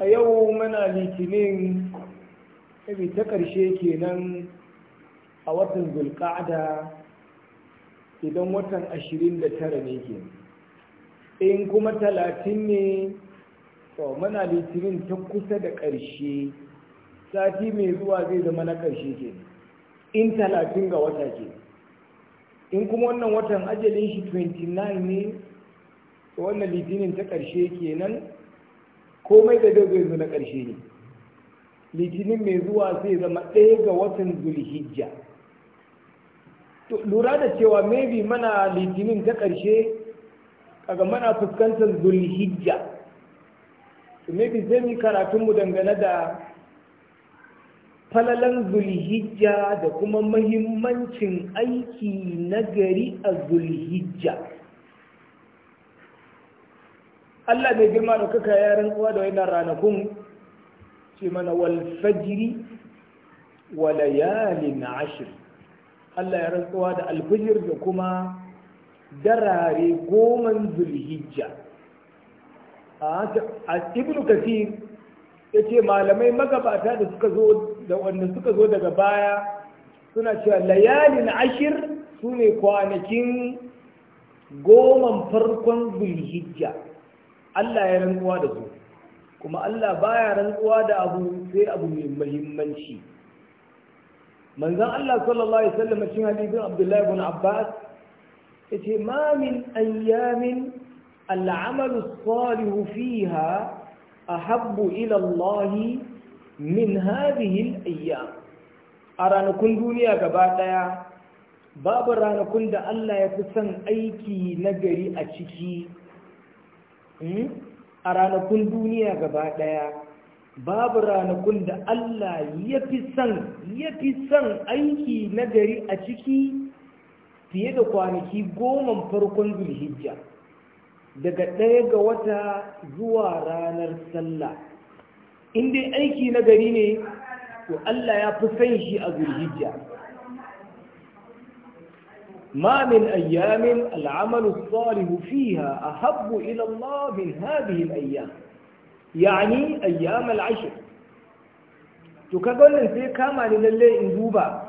a yau mana litinin iri ta ƙarshe kenan a watan zulƙa'ada idan watan ashirin da tara ne ke in kuma talatin ne to mana litinin ta kusa da ƙarshe sati mai zuwa zai zama na ƙarshe ke in talatin ga wata ke in kuma wannan watan ajalin shi 29 ne wannan litinin ta ƙarshe kenan komai da dogo yanzu na ƙarshe ne litinin mai zuwa sai zama ɗaya ga watan zulhijja lura da cewa maybe mana litinin ta ƙarshe kaga mana fuskantar zulhijja su maybe zai mu karatunmu dangane da falalan zulhijja da kuma mahimmancin aiki nagari a zulhijja Allah mai girma da kuka ya rantsuwa da wannan ranakun ce mana wal fajri wa layalin ashir Allah ya rantsuwa da alfijir da kuma darare goman zulhijja a ibnu kasir ya ce malamai magabata da suka zo da wanda suka zo daga baya suna cewa layalin ashir su ne kwanakin goman farkon zulhijja Allah ya rantsuwa da su kuma Allah baya rantsuwa da abu sai abu mai muhimmanci manzon Allah sallallahu alaihi wasallam cikin hadisin Abdullah ibn Abbas yace ma min ayyamin al'amalu salihu fiha ahabbu ila Allah min hadhihi al-ayyam a ranakun duniya gaba daya babu ranakun da Allah ya fi son aiki nagari a ciki Hmm? a ranakun duniya gaba ɗaya babu ranakun da Allah ya fi son ya fi gari aiki nagari a ciki fiye da kwanaki goman farkon zulhijja daga ɗaya ga wata zuwa ranar sallah inda dai aiki nagari ne to Allah ya fi son shi a zulhijja ما من أيام العمل الصالح فيها أحب إلى الله من هذه الأيام يعني أيام العشر تكذل في كما لله إن دوبا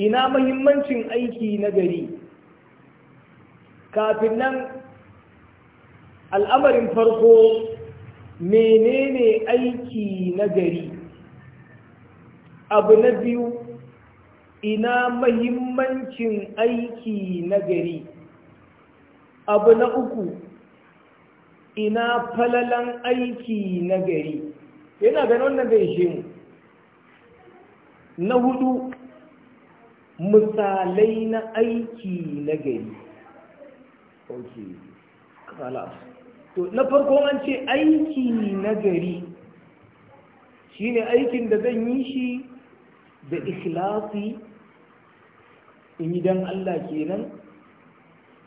إنا مهمنش أيكي نجري كافرنا الأمر فرقو منين أيكي نجري أبو نبيو ina mahimmancin aiki nagari abu na uku ina falalan aiki nagari yana ganin wannan zai shi mu na hudu misalai na aiki nagari ok kala to na farko an ce aiki nagari shine aikin da zan yi shi da ikhlasi in yi don Allah kenan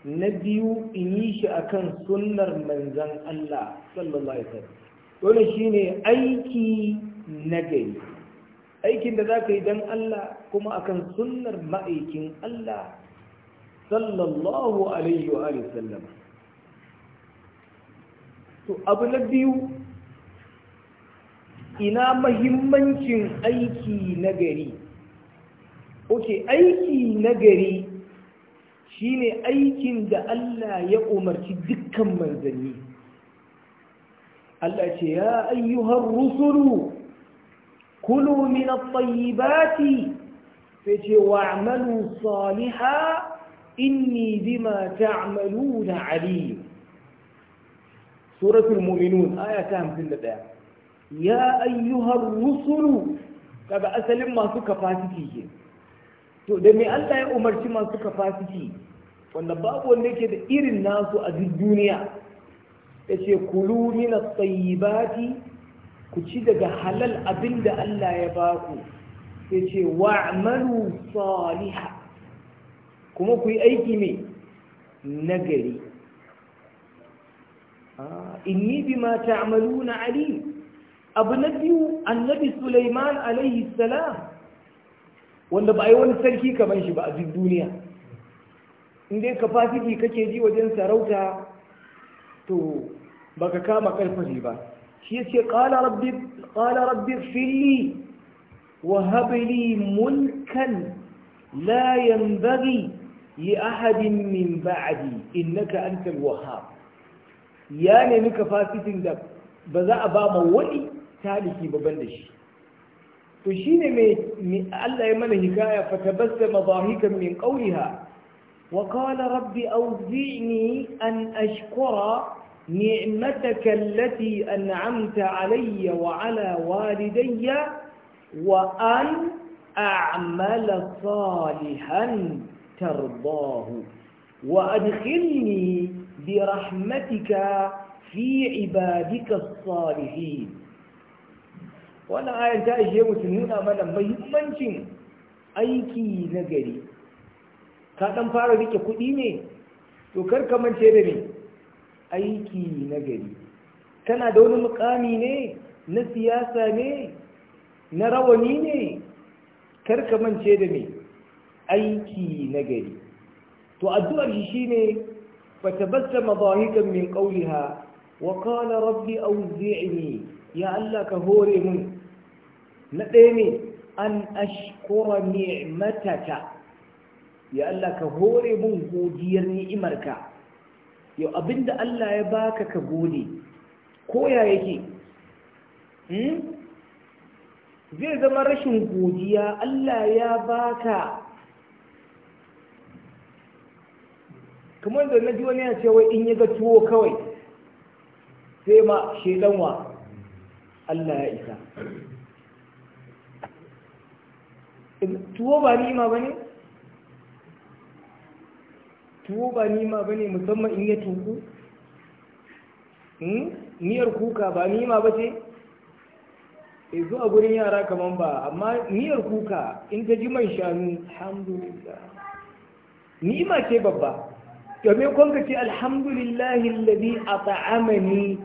na biyu in yi shi akan sunnar manzan Allah sallallahu alaihi wasallam dole shine aiki gari. aikin da ka yi don Allah kuma akan sunnar ma'aikin Allah sallallahu alaihi wa sallam to abu na biyu ina mahimmancin aiki na gari oke aiki na gari shine aikin da Allah ya umarci dukkan manzanni Allah ce ya ayyuhar rusulu kulu min at-tayyibati sai ce wa'malu salihan inni bima ta'maluna alim suratul mu'minun aya ta 51 ya ayyuhar rusulu kaga asalin masu capacity ke to da me Allah ya umarci masu kafasiti wanda babu wanda yake da irin nasu a duk duniya ya ce kulu min tsayibati ku ci daga halal abin da Allah ya baku ya ce wa'malu salihan kuma ku yi aiki ne nagari inni bima ta'maluna alim abu na biyu annabi Sulaiman alaihi salam wanda ba a yi wani sarki kamar shi ba a duk duniya inda ka fasiki kake ji wajen sarauta to baka kama karfari ba shi yace ce, rabbi rabbi fili wa hab mulkan la bari yi ahadin min ba'di innaka antal wahhab ya nemi ka fasikin da ba za a ba ma wani taliki babban da shi to shine mai Allah ya mana hikaya fa tabassama dhahikan min qawliha wa qala rabbi awzi'ni an ashkura نعمتك التي أنعمت علي وعلى والدي وأن أعمل صالحا ترضاه وأدخلني برحمتك في عبادك الصالحين wannan ayar ta ishe mu nuna mana mahimmancin aiki na gari ka dan fara rike kuɗi ne to kar ka mance da me aiki na gari kana da wani mukami ne na siyasa ne na rawani ne kar ka mance da me aiki na gari to addu'ar shi shine fatabassama dahikan min qawliha wa qala rabbi awzi'ni ya Allah ka hore mun na ɗaya ne an ashkura matata. ya Allah ka hore mun godiyar ni'imarka yau abinda Allah ya baka ka gode ko ya yake hmm? zai zama rashin godiya Allah ya baka kamar da na ji wani ya ce wai in yi ga tuwo kawai sai ma shaidanwa. Allah ya isa tuwo ba ni'ima ba ne tuwo ba ni'ima ba ne musamman in ya tuku hmm? miyar kuka ba ni'ima ba ce e zuwa gurin yara kaman ba amma miyar kuka in ta ji man shanu alhamdulillah ni'ima ce babba game kwanka ce alhamdulillah ladi a ta'amani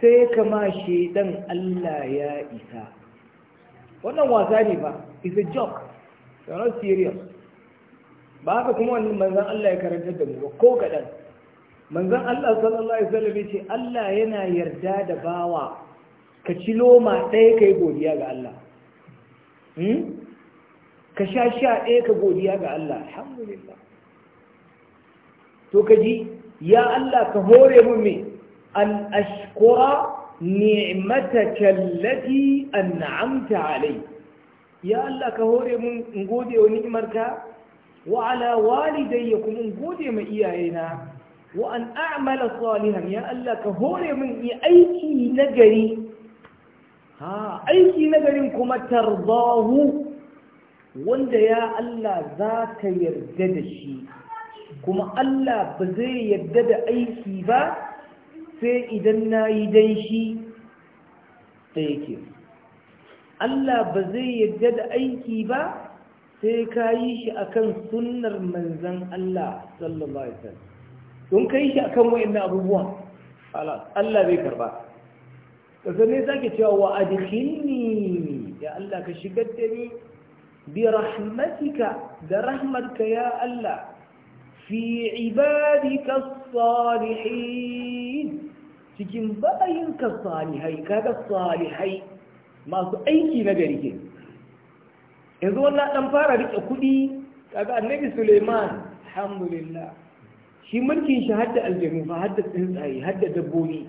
sai kama shaidan Allah ya isa wannan wasa ne ba is a joke you not serious ba haka kuma wannan manzon Allah ya karanta da mu ko kadan manzon Allah sallallahu alaihi wasallam yace Allah yana yarda da bawa ka ci loma ɗaya kai godiya ga Allah hmm? ka sha sha ɗaya ka godiya ga Allah alhamdulillah to kaji ya Allah ka hore mu me an ashkura ni'mataka allati an'amta alai ya Allah ka hore mun in gode wa ni'imarka wa ala walidayya kuma in gode ma iyayena wa an a'mala salihan ya Allah ka hore mun yi aiki nagari ha aiki nagarin kuma tarzahu. wanda ya Allah za ka yarda da shi kuma Allah ba zai yarda da aiki ba sai idan na yi dai shi ɗaya ke Allah ba zai yarda da aiki ba sai ka yi shi akan sunnar manzan Allah sallallahu alaihi wasallam don ka yi shi akan wayannan abubuwan Allah bai karba kasar ne sake cewa wa adikini ya Allah ka shigar da ni bi rahmatika da rahmatka ya Allah fi ibadika salihin cikin bayinka salihai kaga salihai masu aiki na gari ke yanzu wannan dan fara rike kudi kaga annabi Suleiman alhamdulillah shi mulkin shi hadda aljami fa hadda tsuntsaye hadda dabbobi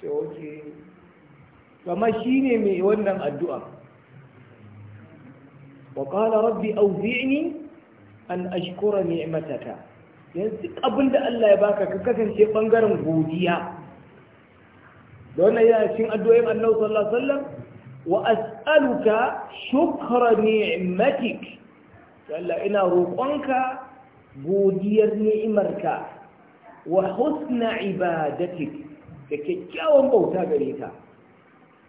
to oke kama shine mai wannan addu'a wa qala rabbi awzi'ni an ashkura ni'mataka yanzu abinda Allah ya baka ka kasance bangaren godiya da wannan yana cin addu'o'in annabi sallallahu alaihi wasallam wa as'aluka shukra ni'matik Allah ina roƙonka godiyar ni'imarka wa husna ibadatik da kyakkyawan bauta gare ka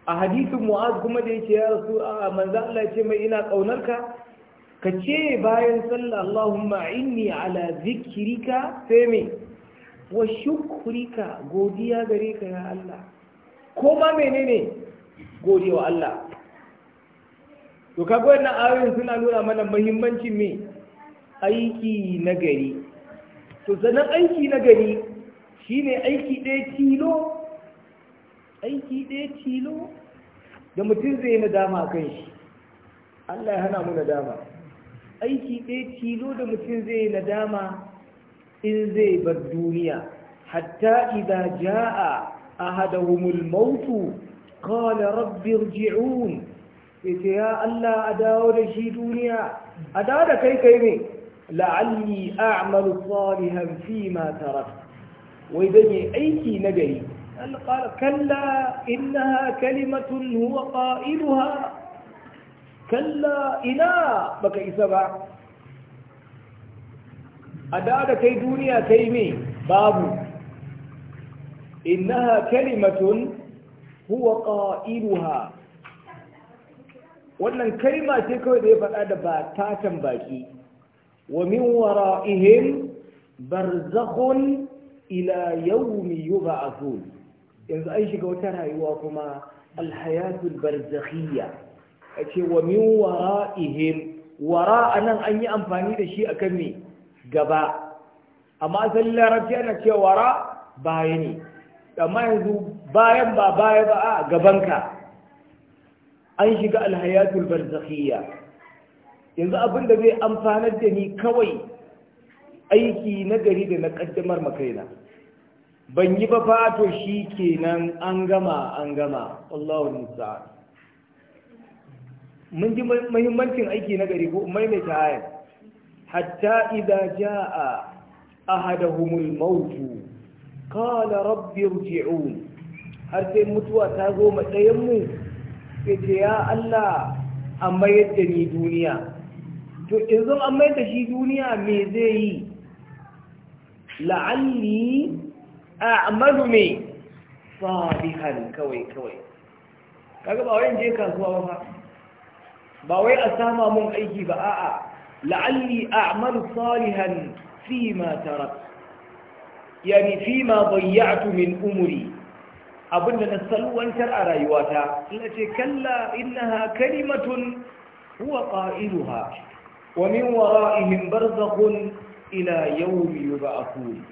a hadisin mu'az kuma da yake ya rasu a manzo Allah ya ce mai ina kaunarka ka ce bayan sallah Allahumma inni ala zikrika sai me wa shukrika godiya gare ka ya Allah ko ma menene gode wa Allah to kaga wannan ayoyin suna nuna mana muhimmancin me aiki na gari to sanan aiki na gari shine aiki ɗaya tilo aiki ɗaya tilo da mutum zai yi nadama kan shi Allah ya hana mu nadama aiki ɗaya tilo da mutum zai yi nadama in zai bar duniya hatta idza jaa أهدهم الموت قال رب ارجعون يا الله أداو لشي دنيا أداو لكي كيمي لعلي أعمل صالحا فيما تركت وإذا أيتي نجري قال كلا إنها كلمة هو قائلها كلا إلى بك إسبع أداو كي دنيا كيمي بابو إنها كلمة هو قائلها wannan kalma ce kawai da ya faɗa da ba tatan baki wa min wara'ihim barzakhun ila yawmi yub'athun yanzu an shiga wata rayuwa kuma alhayatul barzakhiyya ace wa min wara'ihim wara anan an yi amfani da shi akan me gaba amma asalin larabci ana cewa wara baya ne amma yanzu bayan ba baya ba a gabanka an shiga alhayatul barzakhiyya yanzu abin da zai amfanar da ni kawai aiki na gari da na kaddamar makaina ban yi ba fato shi kenan an gama an gama Allahun Musa mun ji mahimmancin aiki na gari ko maimaita ayat hatta idza jaa ahadahumul mautu qala rabbi irji'un har sai mutuwa ta zo ma ɗayan mu ce ya Allah a mayar da ni duniya to in zo an mayar da shi duniya me zai yi la'alli a'malu me salihan kawai kawai kaga ba wai je kasuwa ba ba wai a sama mun aiki ba a'a la'alli a'malu salihan fi ma tarak yani fima bayyatu min umri abinda na salwantar a rayuwata ina ce kalla innaha kalimatun huwa qailuha wa min wara'ihim barzakhun ila yawmi yub'athun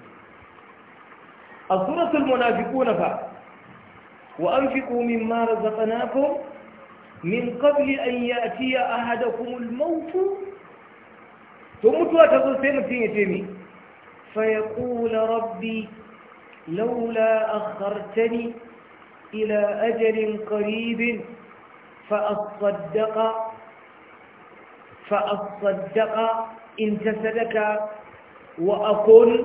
الصورة المنافقون ف وأنفقوا مما رزقناكم من قبل أن يأتي أحدكم الموت ثم تواتفوا سيمتين يتيمين فيقول ربي لولا أخرتني إلى أجل قريب فأصدق فأصدق إن تسلك وأكون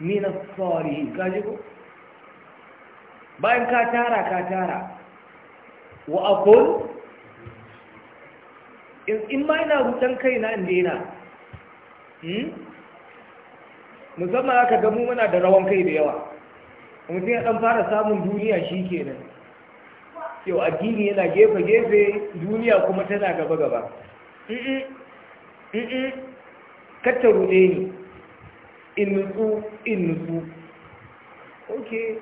من الصالحين كاجب باين كاتارا كاتارا وأكون إما إنا ina rutan kaina musamman aka ga mu muna da rawan kai da yawa mutum ya dan fara samun duniya shi kenan yau addini yana gefe-gefe duniya kuma tana gaba-gaba kata ruɗe ni in nutsu in nutsu ok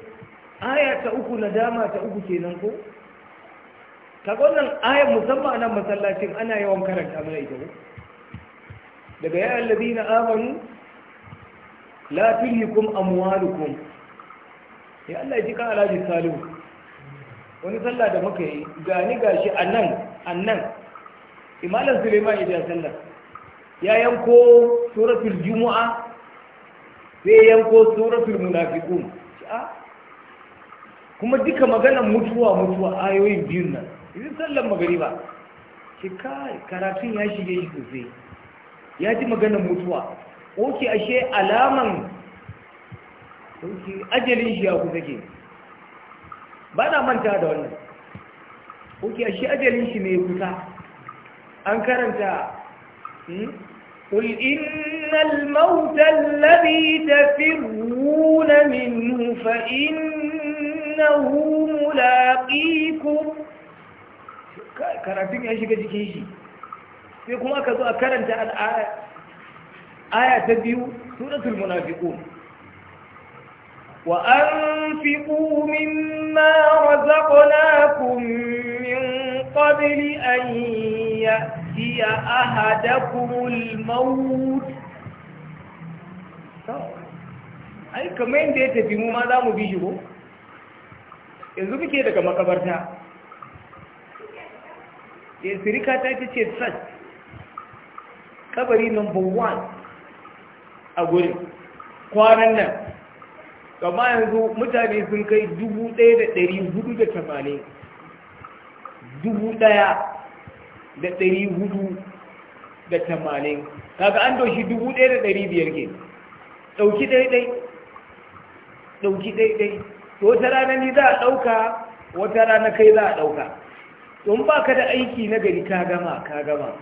aya ta uku na dama ta uku kenan ko kaga wannan musamman nan masallacin ana yawan karanta mana ita daga yayin labi na amanu la tulhikum amwalukum ya Allah ji ka alaji salihu wani sallah da muka yi gani gashi annan annan imalan suleiman ya biya sallah ya yanko suratul jumu'a sai yanko suratul munafiqun ah. kuma duka maganar mutuwa mutuwa ayoyin biyun nan idan sallan magariba shi karatun ya shige shi sosai ya ji maganar mutuwa oke ashe alaman ajalin shi ya kusa ke ba na manta da wannan oke ashe ajalin shi mai kusa an karanta قل إن الموت الذي تفرون منه فإنه ملاقيكم karatun ya shiga jikin sai kuma aka zo a karanta aya ta biyu suratul munafiqun wa anfiqu mimma razaqnakum min qabli an ya'tiya ahadakumul maut ai kamar yadda ya tafi mu ma za mu bi shi ko yanzu muke daga makabarta ya eh, sirika ta ce ce sas kabari number one a gurin kwanan nan kama yanzu mutane sun kai dubu ɗaya da ɗari hudu da tamanin dubu ɗaya da ɗari hudu da tamanin kaga an doshi dubu ɗaya da ɗari biyar ke ɗauki ɗaiɗai ɗauki ɗaiɗai to wata rana ni za a ɗauka wata rana kai za a ɗauka tun ba ka da aiki na gari ka gama ka gama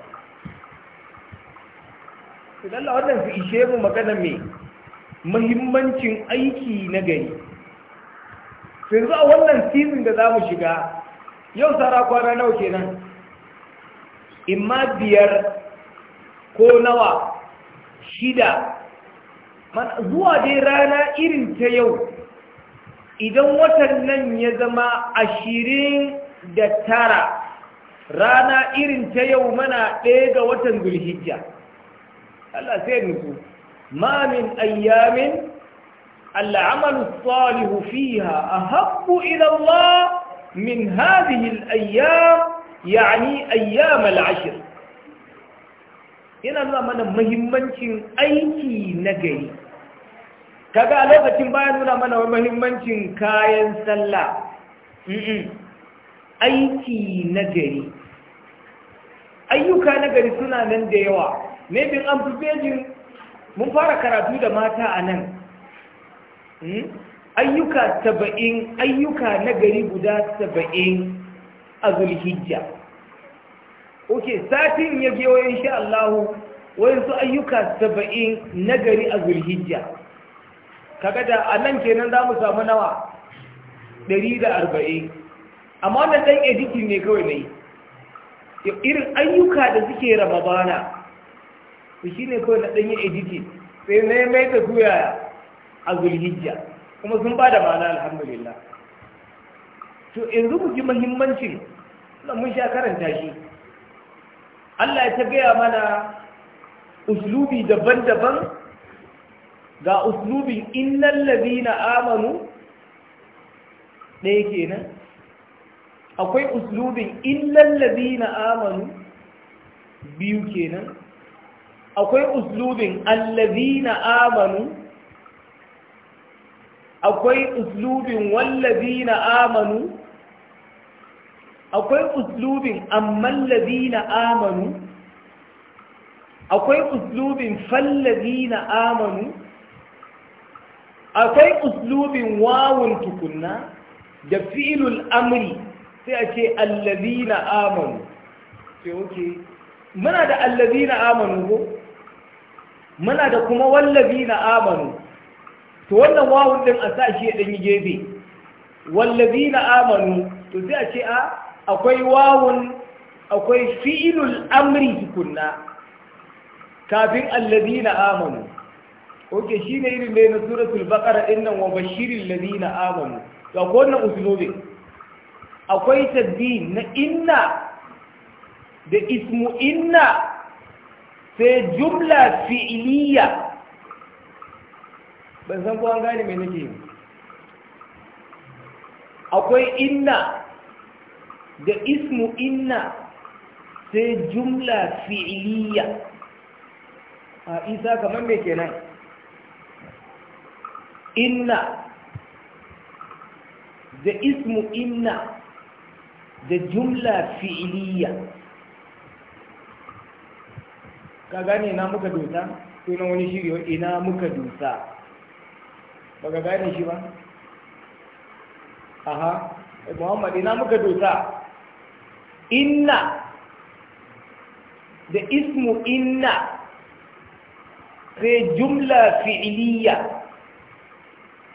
Sai dalla wannan su ishe mu magana me muhimmancin aiki na gari sai zuwa wannan season da zamu shiga yau tsara kwana nawa kenan imma biyar ko nawa shida zuwa dai rana irin ta yau idan watan nan ya zama ashirin da tara rana irin ta yau mana ɗaya ga watan zulhijja Allah sai nutsu ma min ayyamin al'amalu salihu fiha ahabbu ila Allah min hadhihi al yani ayyam al Ina yana nuna mana muhimmancin aiki na gari kaga a lokacin bayan nuna mana muhimmancin kayan sallah aiki na gari ayyuka na gari suna nan da yawa maybe an fi mun fara karatu da mata a nan hmm? ayyuka saba'in ayyuka na gari guda saba'in a zulhijja ok satin ya wayan insha Allahu wayansu ayyuka saba'in na gari a zulhijja kaga da a nan kenan za mu samu nawa Ɗari da arba'in. amma wannan dan editing ne kawai na yi irin ayyuka da suke ramabana to shi ne kawai na ɗanyi editi sai na mai ta tuya a zulhijja kuma sun ba da ma'ana alhamdulillah to yanzu ku ji muhimmancin mun sha karanta shi Allah ya ta gaya mana uslubi daban-daban ga uslubi innal ladina amanu ɗaya kenan akwai uslubin illal ladina amanu biyu kenan akwai uslubin allazina amanu akwai uslubin na amanu akwai uslubin amman na amanu akwai uslubin na amanu akwai uslubin wawun tukunna da filul amri sai a ce allazina amanu sai oke muna da allazina amanu ko muna da kuma wallabi na amanu to wannan wawun din a sa shi ya ɗanyi gefe wallabi na amanu to sai a ce a akwai wawun akwai fi'ilul amri tukunna kafin allabi na amanu oke shi ne irin ne na suratul baƙara ɗin nan wa bashirin labi na amanu to akwai wannan usulobe akwai tabbi na inna da ismu inna sai jumla fi'iliya ban san kuwa gane mai nake akwai inna da ismu inna sai jumla fi'iliya a isa kamar me kenan inna da ismu inna da jumla fi'iliya ka gane na muka dosa sunan wani shirya ina muka dosa ba ka gane shi ba aha eh, muhammad ina muka dosa inna da ismu inna sai jumla fi'iliya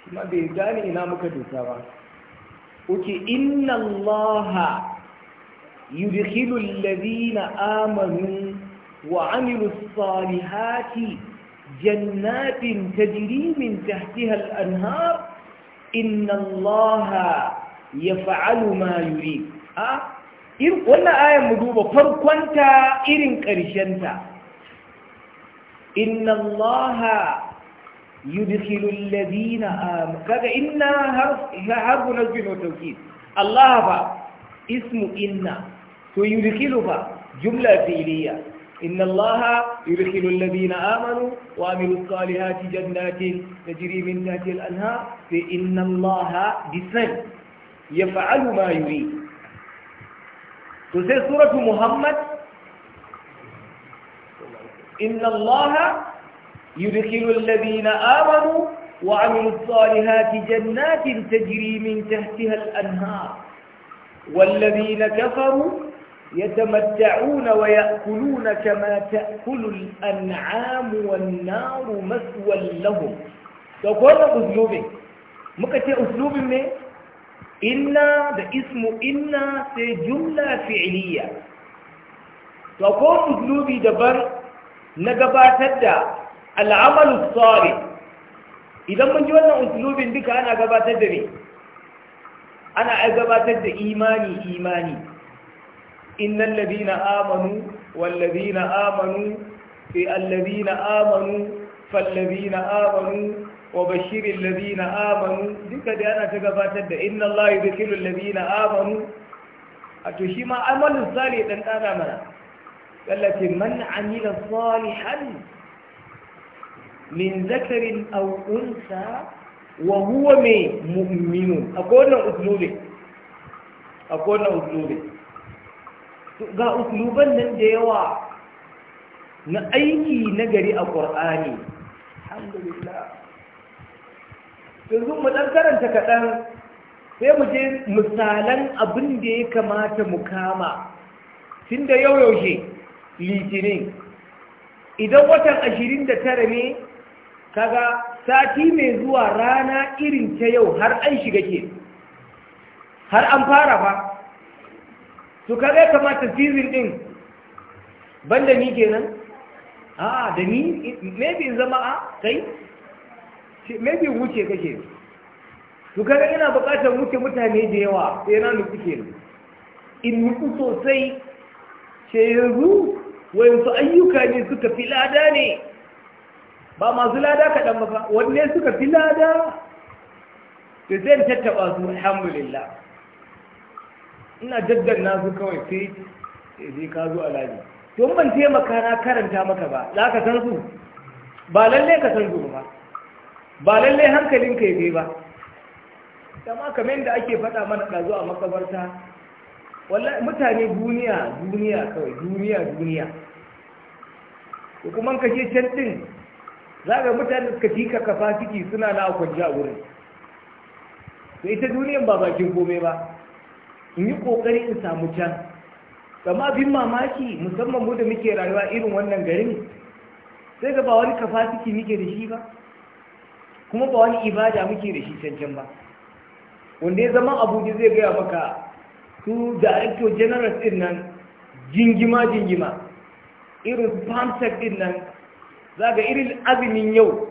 kuma bai gane ina muka dosa ba uke inna allaha yudhilu ladina amanu وعملوا الصالحات جنات تجري من تحتها الأنهار إن الله يفعل ما يريد أه؟ wannan ayan mu duba farkonta irin ƙarshenta inna allaha yudkhilu alladhina amanu kaga inna harfu nasbin wa tawkid allah fa ismu inna to yudkhilu fa إن الله يدخل الذين آمنوا وعملوا الصالحات جنات تجري من تحت الأنهار فإن الله بسن يفعل ما يريد تسير سورة محمد إن الله يدخل الذين آمنوا وعملوا الصالحات جنات تجري من تحتها الأنهار والذين كفروا يتمتعون ويأكلون كما تأكل الأنعام والنار مسوى لهم تقول أسلوبي مكتي أسلوبي من إنا ده اسم إنا في جملة فعلية تقول أسلوبي دبر نقبات الدا العمل الصالح إذا من جوانا أسلوبي بك أنا قبات الدني أنا أقبات الدني إيماني إيماني Innan innal na amanu wal na amanu fi na amanu fal na amanu wa bashirin na amanu duka da ana ta gabatar da inna Allah yudkhilul ladina amanu a to shi ma amalin salih dan dana mana kallace man amila salihan min zakarin aw unsa wa huwa mai mu'minun akwai wannan uslubi akwai wannan uslubi ga usluban nan da yawa na aiki na gari a ƙwar'ani yanzu mu ɗan karanta kaɗan sai mu je misalan abin da ya kamata mu kama tun da yau yaushe litinin idan watan ashirin da tara ne kaga sati mai zuwa rana irin ta yau har an shiga ke har an fara ba to kaga ya kamata season din banda ni kenan a da ni maybe in zama a kai maybe wuce kake to kaga ina buƙatar wuce mutane da yawa sai na nufi kenan in nufi sosai sai yanzu wayansu ayyuka ne suka fi lada ne ba masu lada kaɗan ba wanne suka fi lada da zai tattaɓa su alhamdulillah ina daddanna su kawai sai sai ka zo alaji to ban taimaka na karanta maka ba za ka san su ba lalle ka san su ba ba lalle hankalinka ya kai ba dama kamar yadda ake faɗa mana ɗazu a makabarta wallahi mutane duniya duniya kawai duniya duniya ko kuma ka je can din za ga mutane suka ka kafa ciki suna na kwanci a wurin to ita duniyan ba bakin komai ba in yi kokari in samu can gama bin mamaki musamman mu da muke rayuwa irin wannan garin sai ga ba wani kafasiki muke da shi ba kuma ba wani ibada muke da shi cancan ba wanda ya zama abuja zai gaya maka su director general din nan jingima jingima irin pamsec din nan za ga irin azumin yau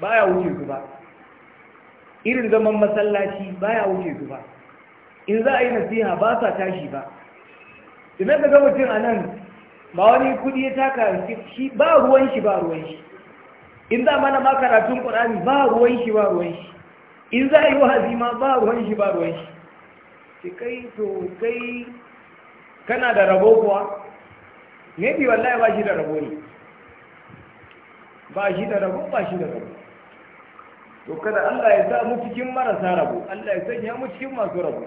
ba ya wuce su ba irin zaman masallaci ba ya wuce su ba in za a yi nasiha ba sa tashi ba idan ka ga mutum a nan ba wani kudi ya taka shi ba ruwan shi ba ruwan shi in za mana ma karatun ƙur'ani ba ruwan shi ba ruwan shi in za a yi wahazi ma ba ruwan shi ba ruwan shi ce kai to kai kana da rabo kuwa ne bi wallahi ba shi da rabo ne ba shi da rabo ba shi da rabo to kada Allah ya sa mu cikin marasa rabo Allah ya sanya mu cikin masu rabo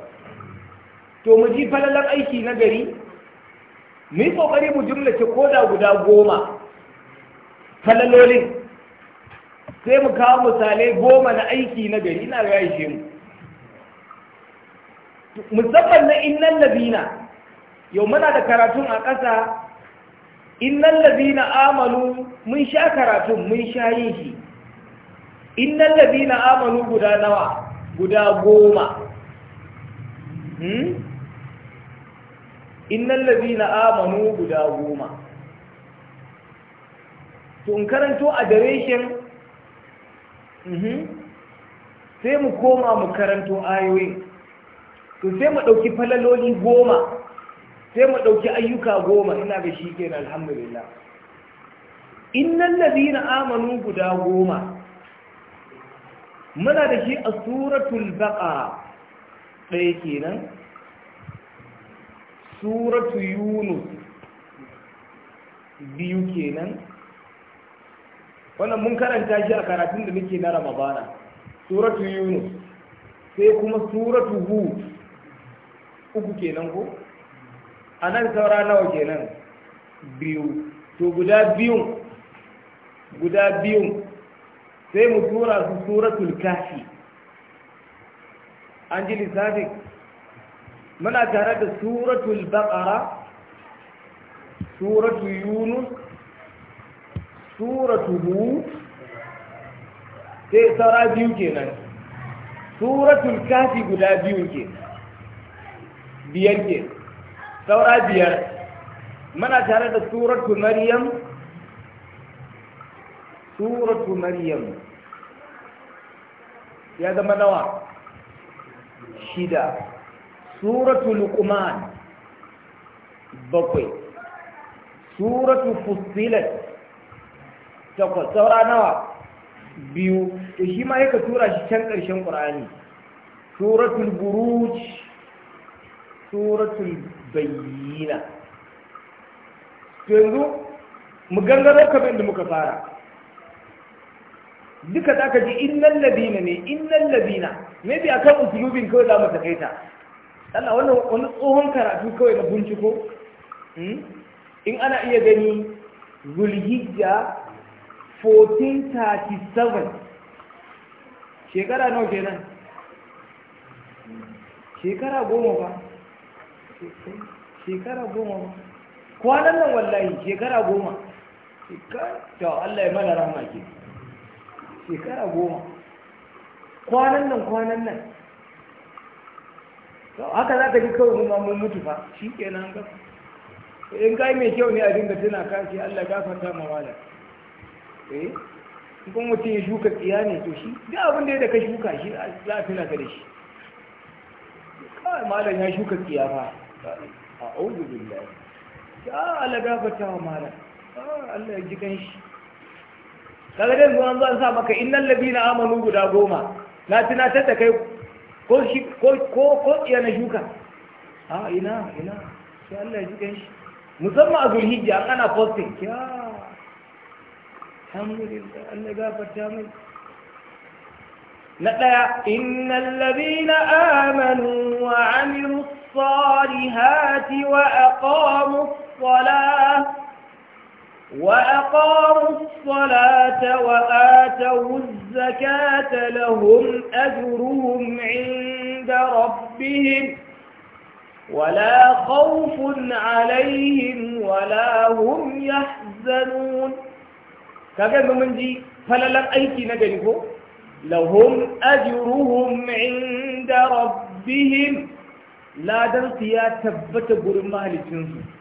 to mu ji falalar aiki na gari mu yi ƙoƙari mu jumlace da guda goma falalolin sai mu kawo misalai goma na aiki na gari na ga ishe mu musamman na innan labina yau muna da karatun a ƙasa innan labina amalu mun sha karatun mun sha yin shi innan labina amalu guda nawa guda goma hmm? innan labina amanu guda goma to in karanto a dareshin mhm, sai mu koma mu karanto ayoyi to sai mu ɗauki falaloli goma sai mu ɗauki ayyuka goma ina ga shi ke alhamdulillah innan labina amanu guda goma muna da shi a suratul baƙara ɗaya kenan suratu yunus biyu kenan wannan mun karanta shi a karatun da muke na ramadana suratu yunus sai kuma suratu hu uku kenan ko a nan saura nawa kenan biyu to guda biyun guda biyun sai mu tura su suratul kafi an ji lissafin muna tare da suratul baqara suratul yunus suratul hud sai tsara biyu kenan suratul kafi guda biyu ke biyar ke saura biyar muna tare da suratul maryam suratu maryam ya zama nawa shida suratu luqman bakwai suratu fusilat takwas saura nawa biyu to shi ma yaka tura shi can ƙarshen ƙur'ani suratu buruj suratu bayyina yanzu mu gangaro kamar da muka fara duka za ka ji innan labina ne innan labina maybe akan usulubin kawai za mu takaita Allah wannan wani tsohon karatu kawai na binciko hmm? in ana iya gani zulhijja 1437 shekara nawa kenan shekara goma ba shekara goma ba kwanan nan wallahi shekara goma shekara Allah ya mana rahama ke shekara goma kwanan nan kwanan nan haka za ka ji kawai mu mun mutu fa shi nan ga in kai mai kyau ne a dinga tana kashi Allah gafarta ma wala eh kuma mutum ya shuka tsiya ne to shi da abin da ya ka shuka shi za a tana ka da shi kawai malam ya shuka tsiya fa a auzu billahi ya Allah gafarta ma malam Allah ya ji kan shi kaga dai zuwan zan sa maka innal ladina amanu guda goma na tunatar da kai ko shi ko ko ko na shuka a ina ina shi Allah ya ji shi musamman a zulhijja an ana posting ya alhamdulillah Allah gafarta mai na daya innal ladina amanu wa amilus salihati wa aqamus salah وأقاموا الصلاة وآتوا الزكاة لهم أجرهم عند ربهم ولا خوف عليهم ولا هم يحزنون كذا من جي فلا لم أيتي نجنه لهم أجرهم عند ربهم لا دنسيا تبت برمه لجنسه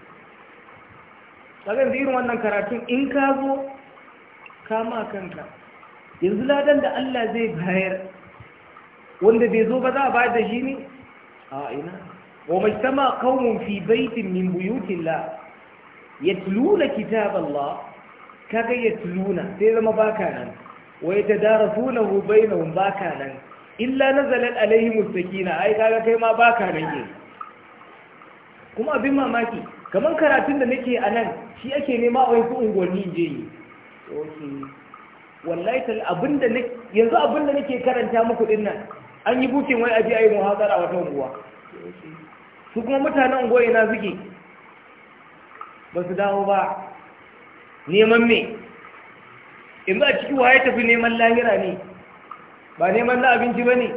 kagan zirin wannan karatun in ka zo kama kanka yanzu ladan da Allah zai bayar wanda bai zo ba za a bada shi ne a ina wa majtama qaumun fi baitin min buyutillah yatluna kitaballah kaga yatluna sai zama baka nan wa na bainahum baka nan illa na zalal as-sakina ai kaga kai ma baka nan ke kuma abin mamaki kamar karatun da nake a nan shi ake nema a wasu unguwanni je yi wallahi tal abinda nake yanzu abinda nake karanta muku din nan an yi bukin wai aje ayi muhazara a wata unguwa su kuma mutanen unguwa na suke ba su dawo ba neman me yanzu a ciki ya tafi neman lahira ne ba neman na abinci ba ne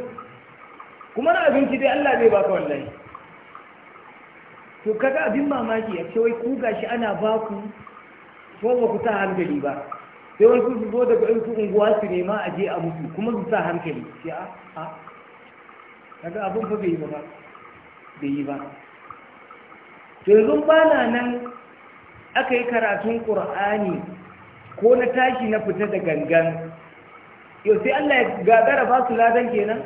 kuma na abinci dai Allah bai baka wallahi to kaga abin mamaki a wai ku gashi ana ba ku ba ku sa hankali ba sai wani su zo daga ɗan su unguwa su nema a je a mutu kuma su sa hankali sai a a kaga abin fa bai yi ba bai yi ba to yanzu ba na nan aka yi karatun ƙur'ani ko na tashi na fita da gangan yau sai Allah ya gagara ba su ladan kenan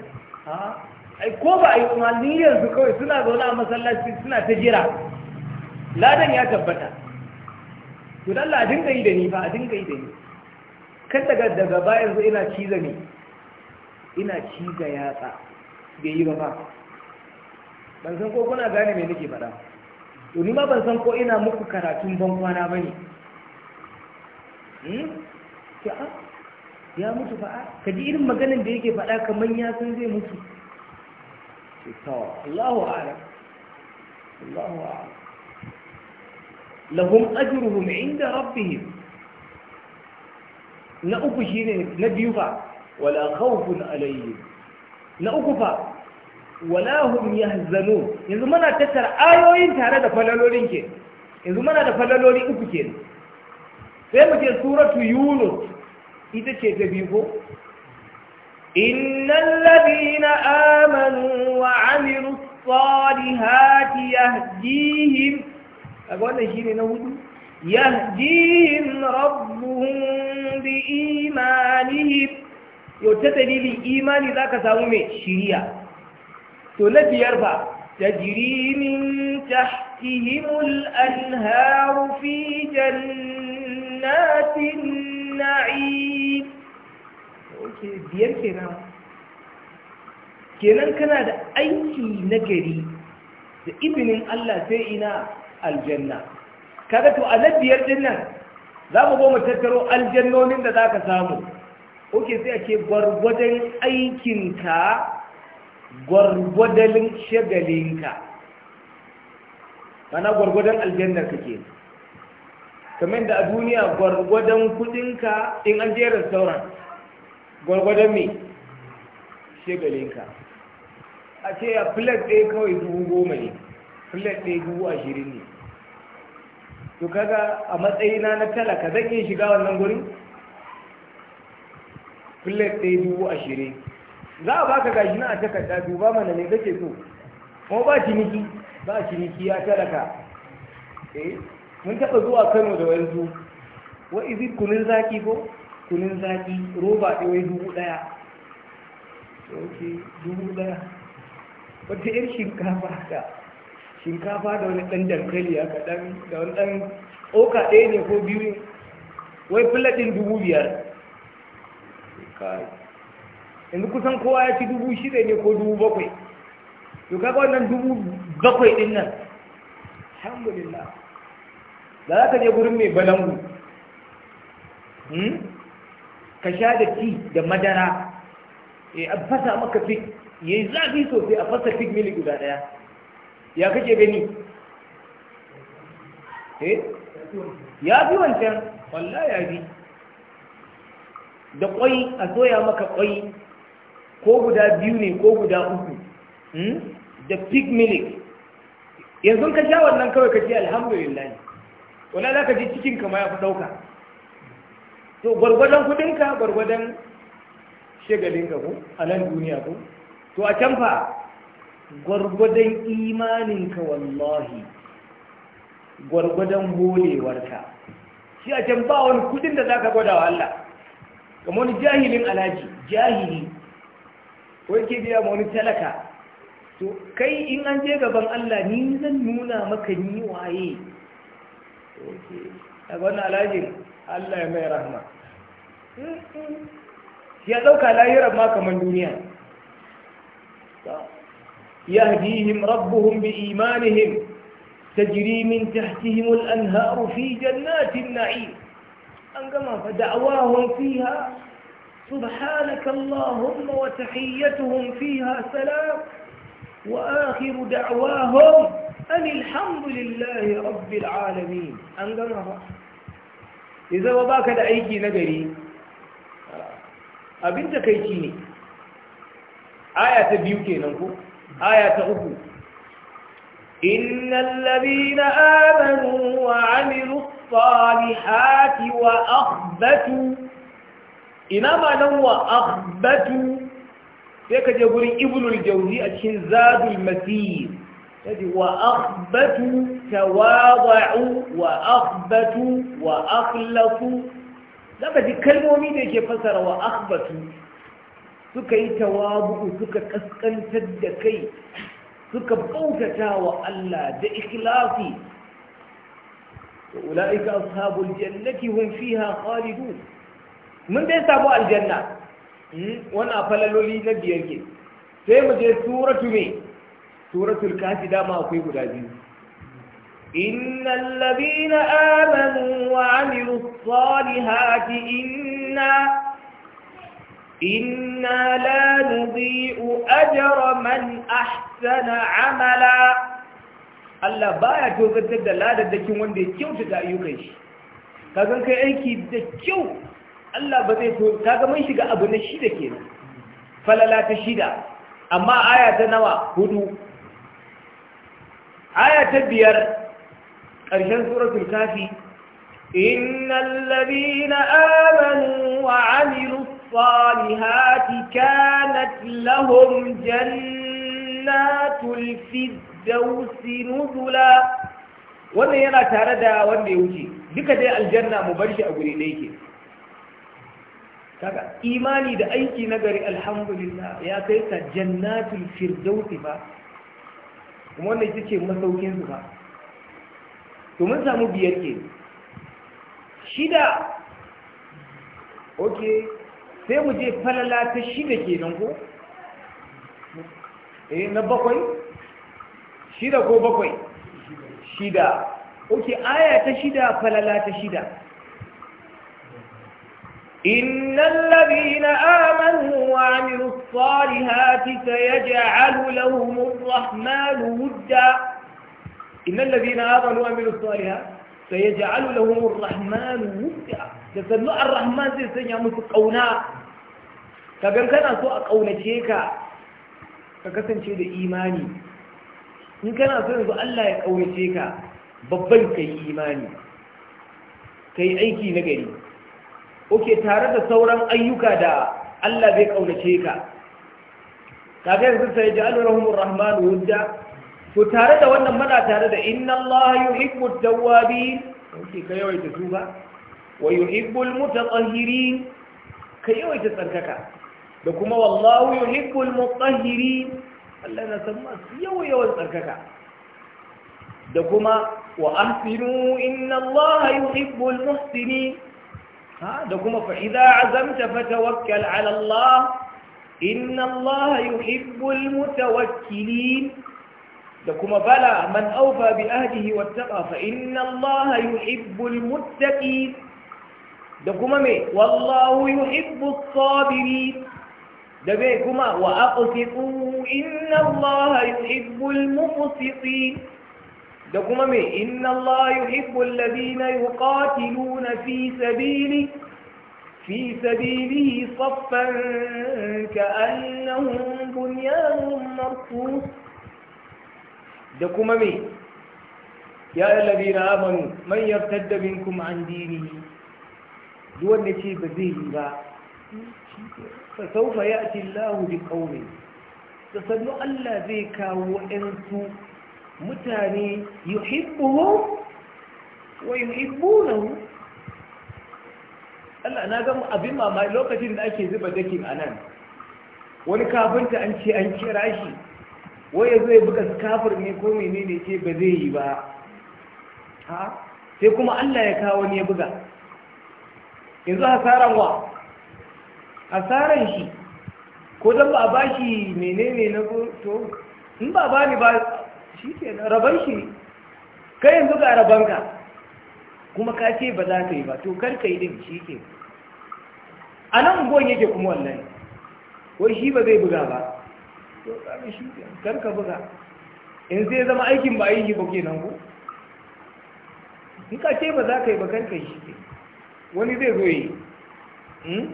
Aa. ai ko ba a yi umarni yanzu kawai suna zaune a masallaci suna ta jira ladan ya tabbata to dalla a dinga yi da ni ba, a dinga yi da ni kan daga daga ba yanzu ina ciza ne ina ciza yatsa bai yi ba ba ban san ko kuna gane me nake faɗa to ni ma ban san ko ina muku karatun ban kwana ba ne hmm? ah, ya mutu fa'a ah. ka ji irin maganin da yake faɗa kamar ya san zai mutu to Allahu a'lam Allahu a'lam lahum ajruhum inda rabbihim na uku shine na biyu fa wala khawfun alayhim na uku fa wala hum yahzanun yanzu muna tattara ayoyin tare da falalolin ke yanzu muna da falaloli uku ke sai mu suratu yunus ita ce ta biyu ko إن الذين آمنوا وعملوا الصالحات يهديهم أقول شيء نود يهديهم ربهم بإيمانهم يتدلي بإيمان ذاك سامي شريعة ثلاثي يرفع تجري من تحتهم الأنهار في جنات النعيم ke biyar kenan kenan kana da aiki na gari da ibinin Allah sai ina aljanna kaga to a biyar din nan za mu goma tattaro aljannonin da za ka samu oke sai ake gwargwadon aikinka gwargwadon shagalinka mana gwargwadon aljannar ka ke kamar da a duniya gwargwadon kudinka in an je sauran gwargwadon me ka a ce a filet ɗaya kawai dubu goma ne filet ɗaya dubu ashirin ne to kaga a matsayina na talaka zan iya shiga wannan gurin filet ɗaya dubu ashirin za a baka gashi na a takarda duba mana ne kake so kuma ba ciniki ba ciniki ya talaka eh mun taɓa zuwa kano da wanzu wa izin kunun zaki ko kunin zaki roba ɗaya dubu ɗaya ok dubu ɗaya wata yar shinkafa haka shinkafa da wani ɗan dankali haka ɗan da wani ɗan oka ɗaya ne ko biyu wai filaɗin dubu biyar yanzu kusan kowa ya ci dubu shida ne ko dubu bakwai to kaga wannan dubu bakwai ɗin nan alhamdulillah da za ka je gurin mai balangu hmm? ka sha da ti da madara eh, a fasa maka fik. ya yi zafi sosai a fasa fik mili guda daya ya kake gani eh? ya fi wancan walla ya fi da kwai a soya maka kwai ko guda biyu ne ko guda uku hmm? da pig milik yanzu ka sha wannan kawai ka ce alhamdulillah wala za ka ji cikin kama ya fi ɗauka to gwargwadon kudinka gwargwadon shagalinka ku a nan duniya ko to a can fa gwargwadon imaninka wallahi gwargwadon bolewarka shi a can ba wani kudin da zaka gwada wa Allah kamar wani jahilin alhaji jahili ko yake biya ma wani talaka to kai in an je gaban Allah ni zan nuna maka ni waye Ok, a wannan alhaji Allah ya mai rahama ya ɗauka lahirar ma kamar duniya يهديهم ربهم بإيمانهم تجري من تحتهم الأنهار في جنات النعيم أنكما فدعواهم فيها سبحانك اللهم وتحيتهم فيها سلام وآخر دعواهم أن الحمد لله رب العالمين أنكما ya zama ba ka da aiki na gari abin da kai ci ne aya biyu kenan ku aya ta uku inna labina amanu wa amiru salihati wa akhbatu ina malan wa akhbatu sai ka je gurin ibnul jauzi a cikin zadul masir sai wa akhbatu tawada'u wa akhbatu wa akhlafu daga ji kalmomi da yake fasara wa akhbatu suka yi tawadu suka kaskantar da kai suka bautata wa Allah da ikhlasi ulaika ashabul jannati hum fiha khalidun mun dai samu aljanna wannan falaloli na biyar ke sai mu je suratu me suratul kafi dama akwai guda biyu إن الذين آمنوا وعملوا الصالحات إنا, إنا لا نضيع أجر من أحسن عملا الله بايا توقف da ladadakin wanda ya kyautata ayyukan shi kagan kai aiki da kyau Allah ba zai so kaga shiga abu na shida kenan falala ta shida amma aya ta nawa hudu aya ta biyar ƙarshen suratul kafi Inna ladina amanu wa amilus salihati kanat lahum jannatul firdausi nuzula wannan yana tare da wanda ya wuce duka dai aljanna mu bar shi a guri ɗaya ke kaga imani da aiki na gari alhamdulillah ya kai ka jannatul firdausi ba kuma wannan ita ce masaukin su ba to mun samu biyar ke shida ok sai mu je falala ta shida ke nan ko eh na bakwai shida ko bakwai shida ok aya ta shida falala ta shida إن الذين آمنوا وعملوا الصالحات سيجعل لهم الرحمن innal ladina amanu wa amilus salihat sayaj'alu lahum ar-rahman wud'a da sallu rahman zai sanya musu kauna kagan kana so a kaunace ka ka kasance da imani in kana so yanzu Allah ya kaunace ka babban kai imani kai aiki na gari oke tare da sauran ayyuka da Allah zai kaunace ka kaga yanzu sai ja'alu rahmanu wudda to tare da wannan muna tare da inna Allah yuhibbu at-tawwabin kake ka yawaita tuba wa yuhibbu al-mutatahhirin ka yawaita tsarkaka da kuma wallahu yuhibbu al-mutahhirin Allah na san masu yawa yawan tsarkaka da kuma wa ahsinu inna Allah yuhibbu al-muhsinin ha da kuma fa idza azamta fatawakkal ala Allah inna Allah yuhibbu al-mutawakkilin da kuma bala man aufa bi ahdihi wattaqa fa inna allaha yuhibbul muttaqin da kuma me wallahu yuhibbus sabirin da bai kuma wa aqsitu inna allaha yuhibbul muqsitin da kuma me inna allaha yuhibbul ladina yuqatiluna fi sabili في سبيله صفا كأنهم بنيان مرصوص da kuma me ya allabi na amanu man yartadda minkum an dini duk wanda ce ba zai yi ba fa sawfa ya'ti lahu bi qaumin da sannu Allah zai kawo 'yansu. mutane yuhibbuhum wa yuhibbunahu Allah na gama abin mamaye lokacin da ake zuba dakin anan wani kafinta an ce an kira shi wai ya zo ya buga kafir ne ko menene ce ba zai yi ba ha sai kuma Allah ya kawo ne ya buga yanzu hasaran wa hasaran shi ko dan ba a bashi menene na to in ba ba ni ba shi ke raban shi kai yanzu ga rabanka kuma ka ce ba za ka yi ba to kar ka yi din shi ke a nan gwon yake kuma wallahi wai shi ba zai buga ba to kaga shi kar ka buga in zai zama aikin ba yi ba nan ku in ka ce ba za ka yi ba karka shi wani zai zo yi hmm?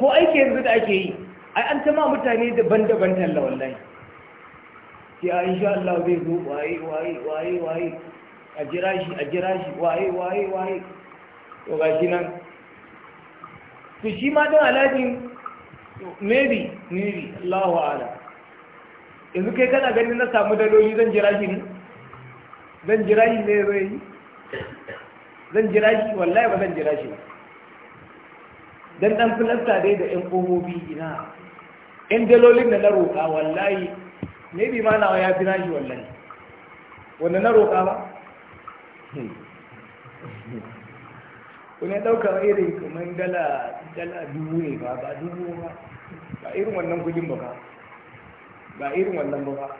ko aiki yanzu da ake yi ai an tama mutane daban-daban talla wallahi ya ah, insha Allah zai zo waye waye waye waye a jira shi a jira shi waye waye waye to ga shi nan to shi ma don alhajin maybe maybe Allahu a'lam yanzu kai kana ganin na samu daloli zan jira shi ne zan jira shi ne zai yi zan jira shi wallahi ba zan jira shi ba dan dan filasta dai da yan kofofi ina yan dalolin da na roƙa wallahi ne bi ma nawa ya fi nashi wallahi wanda na roƙa ba wani ɗauka irin kamar dala dubu ne ba ba dubu ba ba irin wannan kudin ba ba ba irin wannan ba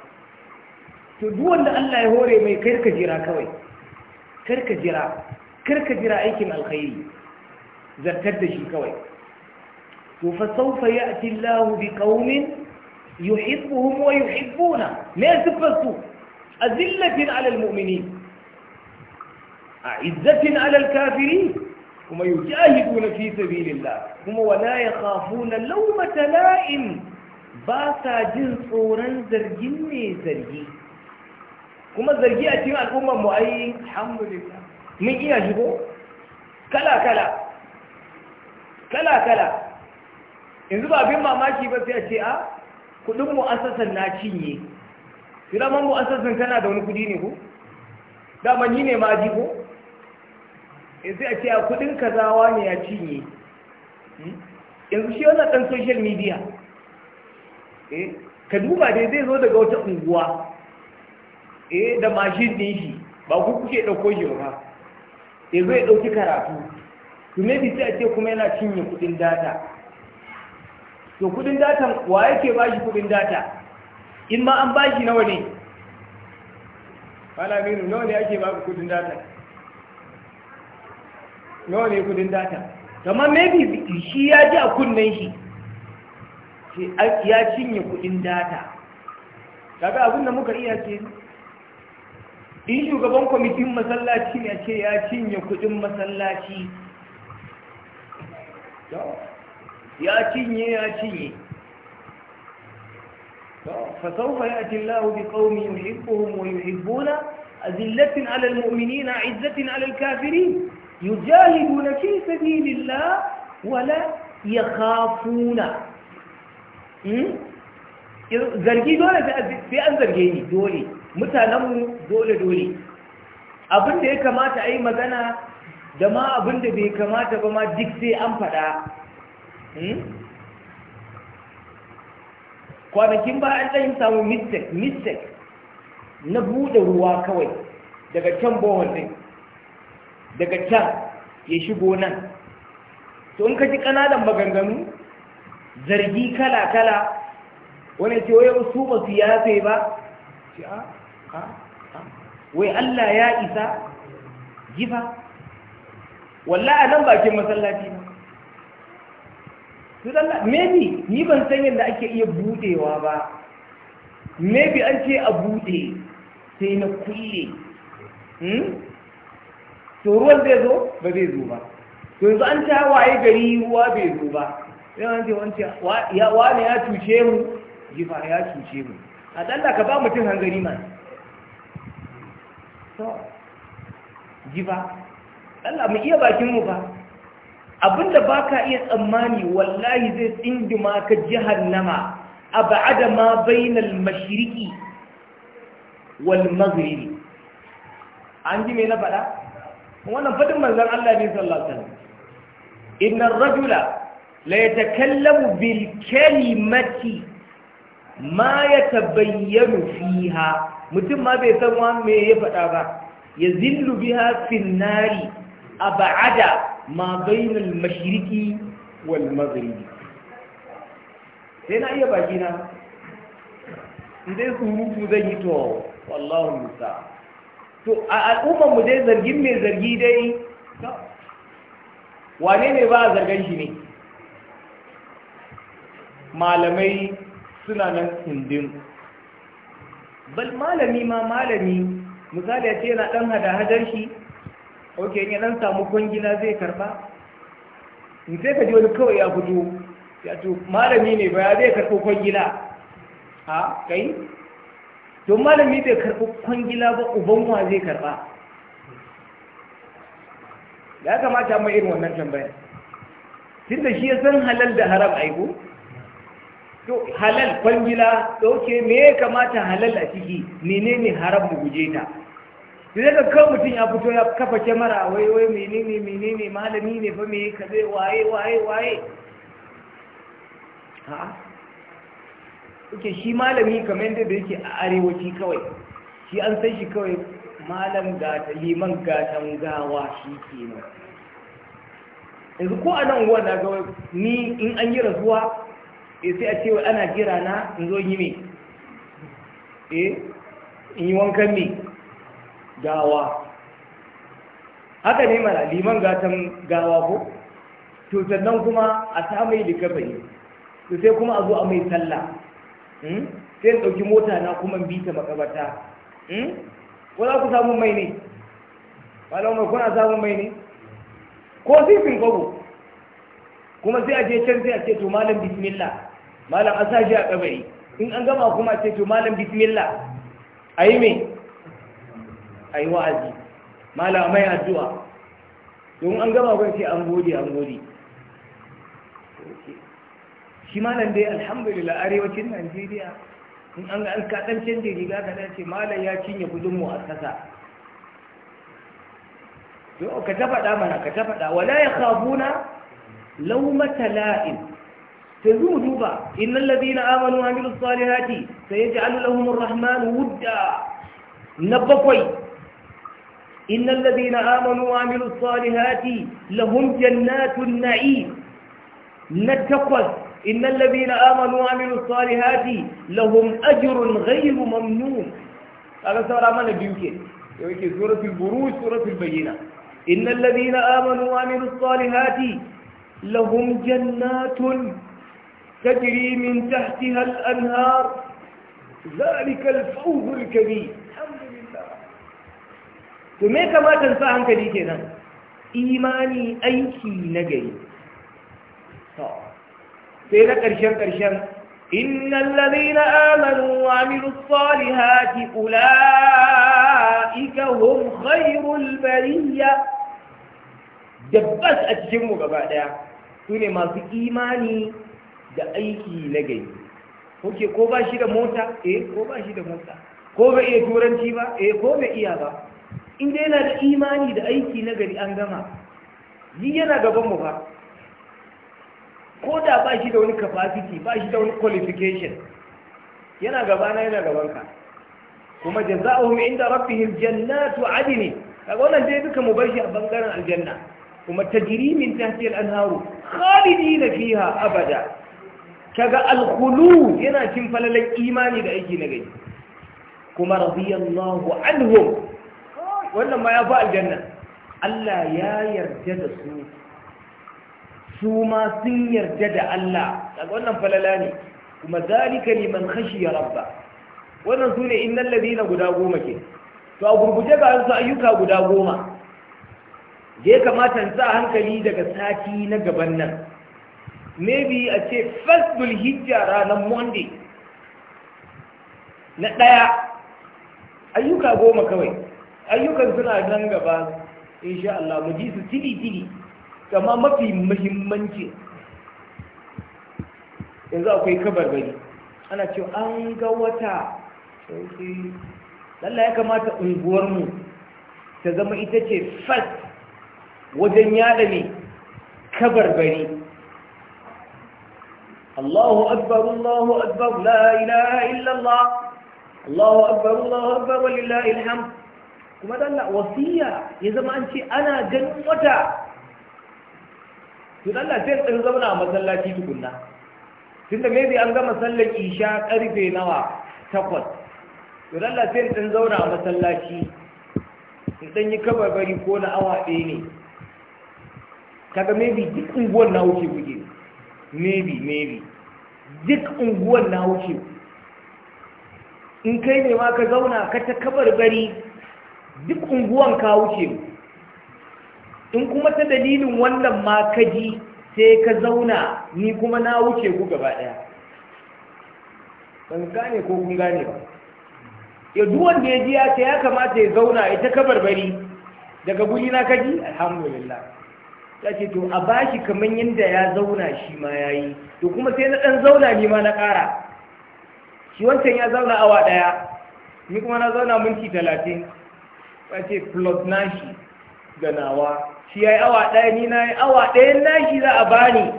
to duk wanda Allah ya hore mai karka jira kawai karka jira karka jira aikin alkhairi zartar da shi kawai to fa sawfa ya'ti Allah bi qaumin yuhibbuhum wa yuhibbuna me sifatu azillatin 'ala al-mu'minin a'izzatin 'ala al-kafirin kuma yujahiduna fi sabilillah kuma wala yakhafuna lawmata la'im ba sa jin tsoron zargin ne zargi kuma zargi a cikin al'ummar mu ai alhamdulillah mun iya shigo kala kala kala kala yanzu ba abin mamaki ba sai a ce a kudin mu'assasan na cinye an mu'assasan tana da wani kudi ne ko dama ni ne ma ji ko yanzu eh, a ce a kudin kazawa ne ya cinye hmm? yanzu shi wannan dan social media Eh, ka duba dai zai zo daga wata unguwa eh da mashin din shi ba ku kuke dauko shi ba zo zai dauki karatu to maybe sai a ce kuma yana cinye kudin data to kudin data wa yake ba shi kudin data in ma an ba shi nawa ne wala minu nawa ne ake ba ku kudin data nawa ne kudin data kamar maybe shi ya ji a kunnen shi ya cinye kudin data daga abin da muka iya ce in shugaban kwamitin masallaci ne ce ya cinye kudin masallaci ya cinye ya cinye فسوف يأتي الله بقوم يحبهم ويحبون أذلة على المؤمنين عزة على الكافرين يجاهدون في سبيل الله ولا يخافون Hmm? zargi dole sai an zarge ni dole mutanenmu dole dole abin da ya kamata a yi magana da ma abin da bai kamata ba ma duk sai an faɗa hmm? kwanakin ba an samu mistake na buɗe ruwa kawai daga can bohol ɗin daga can ya shigo nan to in ka ji ƙananan maganganu zargi kala-kala wani ce wai su ba su yafe ba ah, ah, ah. wai Allah ya isa gifa walla a nan bakin masallaci ba maybe ni ban san yadda ake iya budewa ba maybe an ce a bude sai na kulle hmm? to ruwan zai zo ba zai zo ba to yanzu an ta waye gari ruwa bai zo ba yawan ce wancan wane ya cuce mu jifa ya cuce mu a ɗalla ka ba mutum hangari ma so jifa Allah mu iya bakin mu ba abinda ba ka iya tsammani wallahi zai tsindima ka jihannama a ba'ada ma bainal mashiriki wal maghribi an ji mai na faɗa wannan fadin manzon Allah ne sallallahu alaihi wasallam innar rajula la yatakallamu bil kalimati ma ya yatabayyanu fiha mutum ma bai san wa me ya faɗa ba ya zillu biha fin a ba'ada ma bainal mashriqi wal maghribi sai na iya baki na idan mutu zan yi to wallahu musa to a al'ummar mu dai zargin mai zargi dai wane ne ba a zargan shi ne malamai suna nan hindin bal malami ma malami misali ya ce yana ɗan hada-hadar shi ok ya ɗan samu kwangila zai karɓa in sai ka ji wani kawai ya fito ya to malami ne ba ya zai karɓi kwangila ha kai to malami bai karɓi kwangila ba uban wa zai karɓa ya kamata mai irin wannan tambayar tunda shi ya san halal da haram aiko to halal kwangila dauke me ya kamata halal a ciki menene haram mu guje ta sai ka kan mutum ya fito ya kafa kyamara wai wai menene menene malami ne fa me ka zai waye waye waye ha oke shi malami kamar yadda da yake a arewaci kawai shi an san shi kawai malam gata liman gatan gawa shi ke yanzu ko a nan uwa na ni in an yi rasuwa eh sai a cewa ana jira na in zo yi me eh in yi wankan me gawa haka ne mara liman gatan gawa ko to sannan kuma a ta mai likafani to sai kuma a zo a mai sallah hmm? sai ɗauki mota na kuma bi ta makabarta hmm? ko za ku samu mai ne mai kuna samun mai ne ko sifin kwabo kuma sai a je can sai a ce to malam bismillah malam an sa a kabari in an gama kuma ce to malam bismillah ayi me ayi wa'azi malam mai addu'a don an gama kuma ce an gode an gode shi malam dai alhamdulillah arewacin Najeriya in an ga an kaɗan canje riga ka ce. malam ya cinye kudin mu a kasa ka ta faɗa mana ka ta faɗa wala ya khafuna laumata la'in تزوم إن الذين آمنوا وعملوا الصالحات سيجعل لهم الرحمن ودا نبقوي إن الذين آمنوا وعملوا الصالحات لهم جنات النعيم نتقل إن الذين آمنوا وعملوا الصالحات لهم أجر غير ممنون هذا سورة ما نبيوك يوكي سورة البروج سورة البينة إن الذين آمنوا وعملوا الصالحات لهم جنات تجري من تحتها الأنهار ذلك الفوز الكبير الحمد لله تمي كما تنفع عنك دي كده إيماني أيكي نجي سيدة كرشان كرشان إن الذين آمنوا وعملوا الصالحات أولئك هم خير البرية دبس أتجمه قبعدها سنة ما في إيماني da aiki na gari oke ko ba shi da mota eh ko ba shi da mota ko bai iya turanci ba eh ko bai iya ba in dai yana da imani da aiki na gari an gama yi yana gaban mu ba ko da ba shi da wani capacity ba shi da wani qualification yana gabana yana gabanka kuma jaza'uhum inda rabbihim jannatu adni kaga wannan dai duka mu bar a bangaren aljanna kuma tajri min tahti al-anharu khalidina fiha abada kaga alkhulu yana cin falalan imani da aiki na gari kuma radiyallahu anhum wannan ma ya fi aljanna Allah ya yarda da su su ma sun yarda da Allah daga wannan falala ne kuma zalika liman khashiya rabba wannan su ne innal ladina guda goma ke to a gurguje ga su ayyuka guda goma je kamata in sa hankali daga sati na gaban nan maybe a ce first hijja ranar monday na ɗaya ayyuka goma kawai ayyukan suna nan gaba insha Allah mu ji su tili-tili kama mafi muhimmanci yanzu akwai kabar-bari. ana ce an ga wata sauki lallai ya kamata unguwarmu ta zama ita ce fas wajen yada ne bari الله أكبر الله أكبر لا إله إلا الله الله أكبر الله أكبر ولله الحمد kuma da Allah wasiya ya zama an ce ana ganin wata to dan Allah sai tsin zauna a masallaci tukunna tunda me bi an gama sallar isha karfe nawa takwas to dan Allah sai tsin zauna a masallaci in dan yi kabarbari ko na awa ɗaya ne kaga maybe duk unguwar na wuce kuke maybe maybe duk unguwar na wuce in kai ne ma ka zauna ka ta kabar bari duk unguwan ka wuce in kuma ta dalilin wannan ma ka ji sai ka zauna ni kuma na wuce ku gaba ɗaya ban gane ko kun gane ba ya duwan da ya ji ya ce ya kamata ya zauna ita kabar bari daga guri na kaji alhamdulillah ya ce to a bashi kamar yadda ya zauna shi ma ya yi to kuma sai na ɗan zauna ne ma na ƙara shi wancan ya zauna awa ɗaya ni kuma na zauna minti talatin ya ce plus nashi ga nawa shi ya yi awa ɗaya ni na yi awa ɗayan nashi za a bani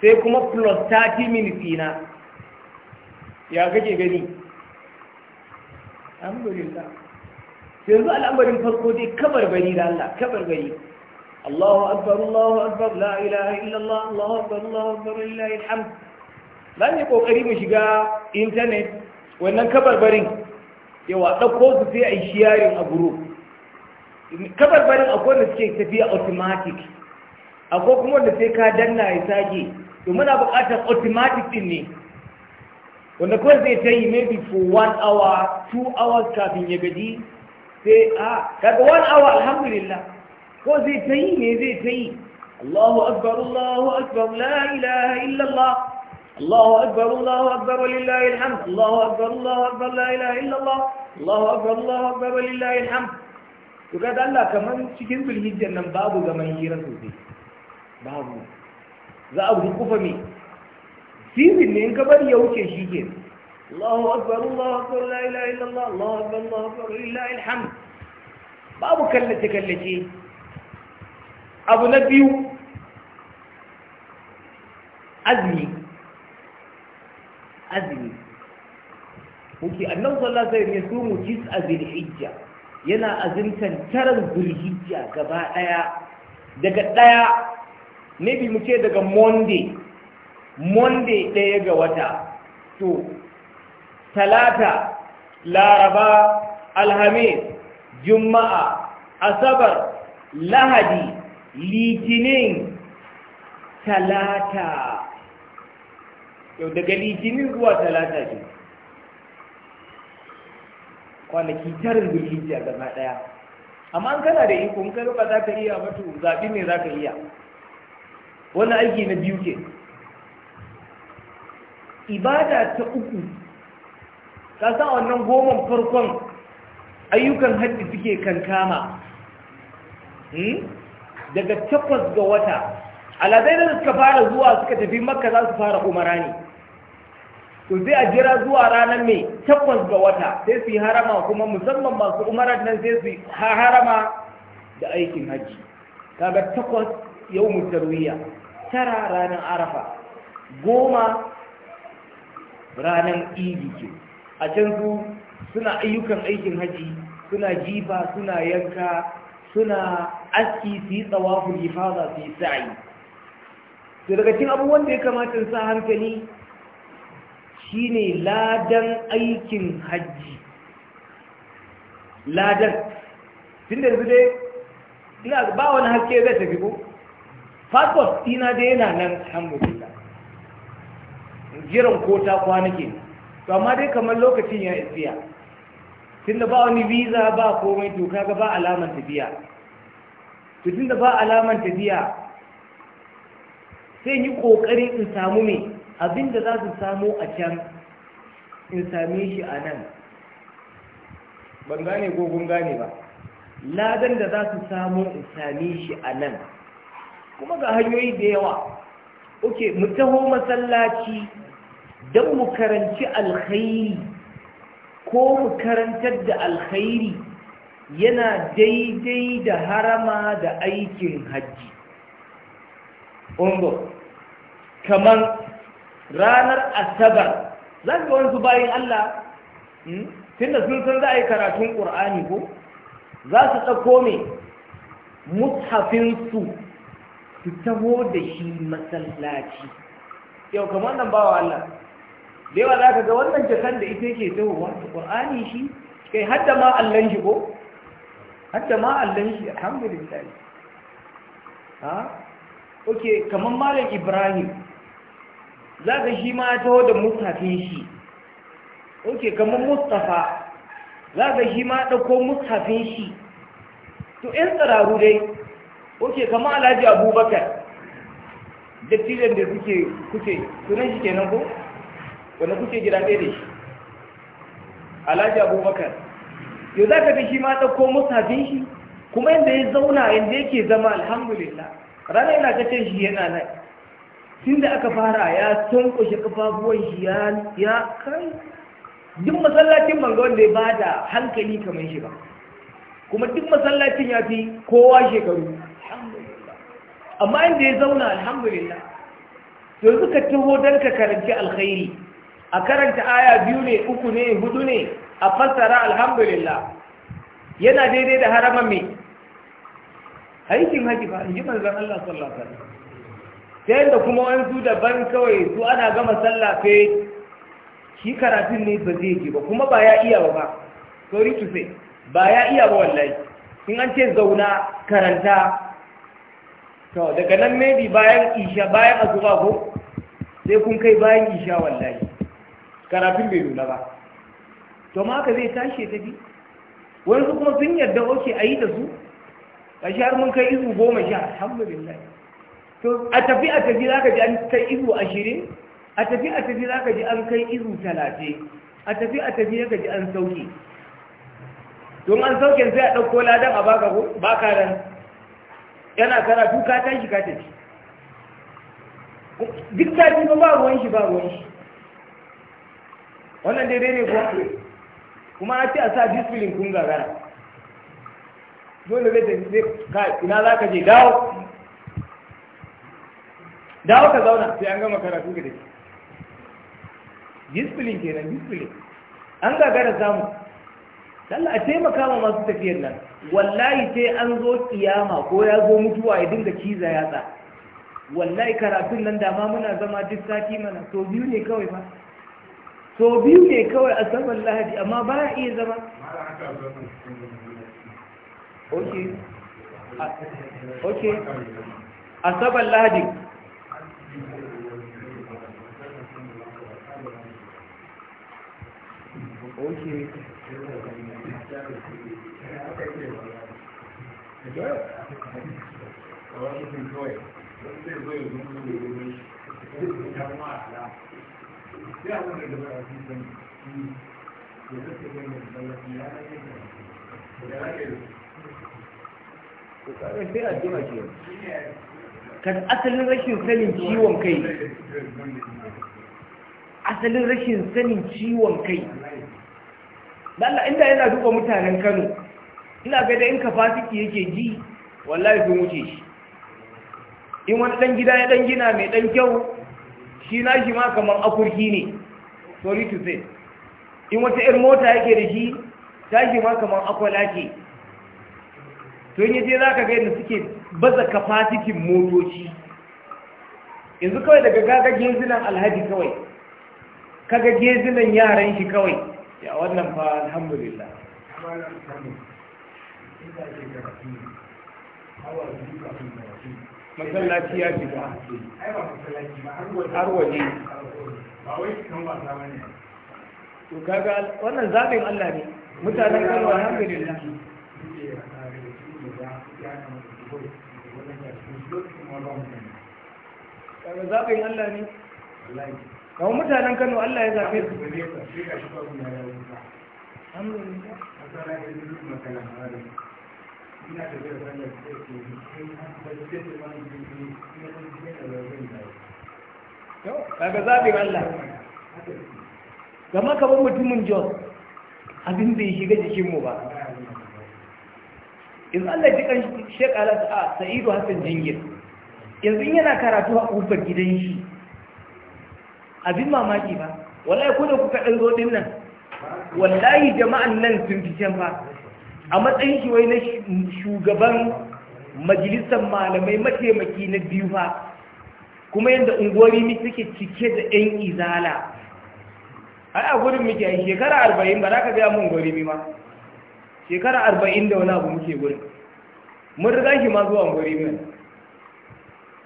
sai kuma plus 30 minutes na ya kake gani alhamdulillah yanzu al'amarin farko dai kabar kabarbari da Allah kabar kabarbari الله أكبر الله أكبر لا إله إلا الله الله أكبر الله أكبر لله الحمد za mu yi ƙoƙari mu shiga intanet برين kabarbarin yawa في su sai a yi shiyarin a guru akwai wanda suke tafiya automatic akwai kuma wanda sai ka danna ya sake to muna buƙatar automatic din ne wanda kawai zai ta yi maybe for one hour two hours kafin ya gaji sai a ah, kaga one hour alhamdulillah ko zai ta yi ne zai ta yi Allahu akbar Allahu akbar la ilaha illallah Allahu akbar Allahu akbar walillahi alhamd Allahu akbar Allahu akbar la ilaha illallah Allahu akbar Allahu akbar walillahi alhamd to kaga Allah kaman cikin zulhijjar nan babu zaman hira sosai babu za a gudu kufa me sirrin ne in ka bari ya wuce shi ke Allahu akbar Allahu akbar la ilaha illallah Allahu akbar Allahu akbar lillahi alhamd babu kallace kallace abu na biyu azumi azumi kuke annan sallah sai ne su mu a zulhijja yana azumtan taran zulhijja gaba daya daga daya maybe mu ce daga monday monday daya ga wata to talata laraba alhamis juma'a asabar lahadi litinin talata yau daga litinin zuwa talata ke kwanaki tarin zulhijji a gaba ɗaya amma an kana da iko in kai ba za ka iya mutu zaɓi ne za ka iya wani aiki na biyu ke ibada ta uku ka sa wannan goman farkon ayyukan hajji suke kankama hmm? daga takwas ga wata alazai da suka fara zuwa suka tafi makka za su fara umara ne to sai a jira zuwa ranar mai takwas ga wata sai su yi harama kuma musamman masu umarar nan sai su harama da aikin hajji kaga takwas yau mutarwiya tara ranar arafa goma ranar idi ke a can su suna ayyukan aikin hajji suna jifa suna yanka suna aski su yi tsawafin ifada su yi sa'ayi su daga cin abubuwan da ya kamata sa hankali shine ladan aikin hajji ladan tun da dai ina ba wani haske zai tafi ko passport dina da yana nan alhamdulillah jiran ko kwanake to amma dai kamar lokacin ya isiya tunda ba wani visa ba komai to ga ba alaman tafiya to tunda ba alaman tafiya sai yi kokarin in samu me abinda za su samu a can in same shi a nan ban gane ko gane ba ladan da za su samu in same shi a nan kuma ga hanyoyi da yawa oke mu taho masallaci don mu karanci alkhairi ko mu karantar da alkhairi yana daidai da harama da aikin hajji ungo kamar ranar asabar za ga wani bayan Allah hmm, tun da sun san za a yi karatun ƙur'ani ko za su tsako ne mushafinsu su taho da shi masallaci yau kamar nan bawa Allah da za ka ga wannan jasar da ita yake tsohuwa ƙur'ani shi kai hadda ma allon shi ko hadda ma allon shi alhamdulillah ha Ok. kamar malam ibrahim za ka shi ma ta taho da mustafin shi ok kamar mustafa za ka shi ma ɗauko mustafin shi to 'yan tsiraru dai Ok. kamar alhaji abubakar dattijan da suke kuce sunan shi kenan ko wanda kuke gida ɗaya da shi alhaji abubakar yau za ka fi shi ma ɗauko musafin shi kuma yadda ya zauna yadda yake zama alhamdulillah Ranar yana ta ce shi yana nan tun da aka fara ya tankwashe ƙafafuwan shi ya kai duk masallacin banga wanda ya bada hankali kamar shi ba kuma duk masallacin ya fi kowa shekaru amma inda ya zauna alhamdulillah to suka taho don ka karanci alkhairi a karanta aya biyu ne uku ne hudu ne a fassara alhamdulillah yana daidai da haraman mai aikin haji ba yi manzan Allah sallallahu alaihi wasallam ta yadda kuma wani daban kawai su ana gama sallah sai shi karatun ne ba zai ji ba kuma ba ya iya ba sorry to say ba ya iya ba wallahi in an ce zauna karanta to daga nan maybe bayan isha bayan asuba ko sai kun kai bayan isha wallahi karatun bai nuna ba to ma ka zai tashi ta tafi wani su kuma sun yarda oke a yi da su a shi har mun kai izu goma sha alhamdulillah to a tafi a tafi za ka ji an kai izu ashirin a tafi a tafi za ka ji an kai izu talatin a tafi a tafi za ka ji an sauke don an sauke sai a ɗauko ladan a baka ko baka ran yana karatu ka tashi ka tafi duk tafi ba ruwan shi ba ruwan shi wannan daidai ne kuwa kuma a ce a sa disfilin kun gagara dole zai tafi ka ina za ka je dawo dawo ka zauna sai an gama karatu ka dake disfilin kenan disfilin an gagara samu Allah a taimaka ma masu tafiyar nan wallahi sai an zo kiyama ko ya zo mutuwa ya dinga ciza yatsa wallahi karatun nan da ma muna zama duk sati mana to biyu ne kawai fa so biyu ne kawai a saman lahadi amma ba ya iya zama ok a saman lahadi ok Okay. Okay. Kada hmm. asalin rashin sanin ciwon kai asalin rashin inda yana duba mutanen kano ina ga da in ka fasiki yake ji wallahi sun wuce shi in wani dan gida ya dan gina mai dan kyau shi na shi ma kamar akurki ne sorry to say in wata ‘yar mota yake da shi tashi ma kamar akwala ce to yin yaje za ka ga yadda suke baza kafatikin motoci yanzu kawai daga gaga gezinan alhaji kawai kaga gezinan yaran shi kawai ya wannan fa alhamdulillah masallaci ya shiga har waje ba wai kan wasa ba ne to kaga wannan zaɓin Allah ne mutanen Kano alhamdulillah kaga zaɓin Allah ne kawo mutanen Kano Allah ya zaɓe su alhamdulillah ina da zai zai zai zai zai zai zai su ke zai zai zai zai zai kaga zaɓin Allah gama kamar mutumin Jos abin bai shiga jikinmu ba In Allah ji kan shekara a sa'idu hassan jingir yanzu yana karatu a ƙofar gidan shi abin mamaki ba wallahi ko da kuka ɗan zo nan wallahi jama'an nan sun fi can ba a matsayin shi wai na shugaban majalisar malamai mataimaki na biyu fa kuma yadda unguwarimi suke cike da 'yan izala ai a gudun muke yi shekara arba'in ba za ka gaya mun gwarimi ma shekara arba'in da wani abu muke gudun mun riga shi ma zuwa mai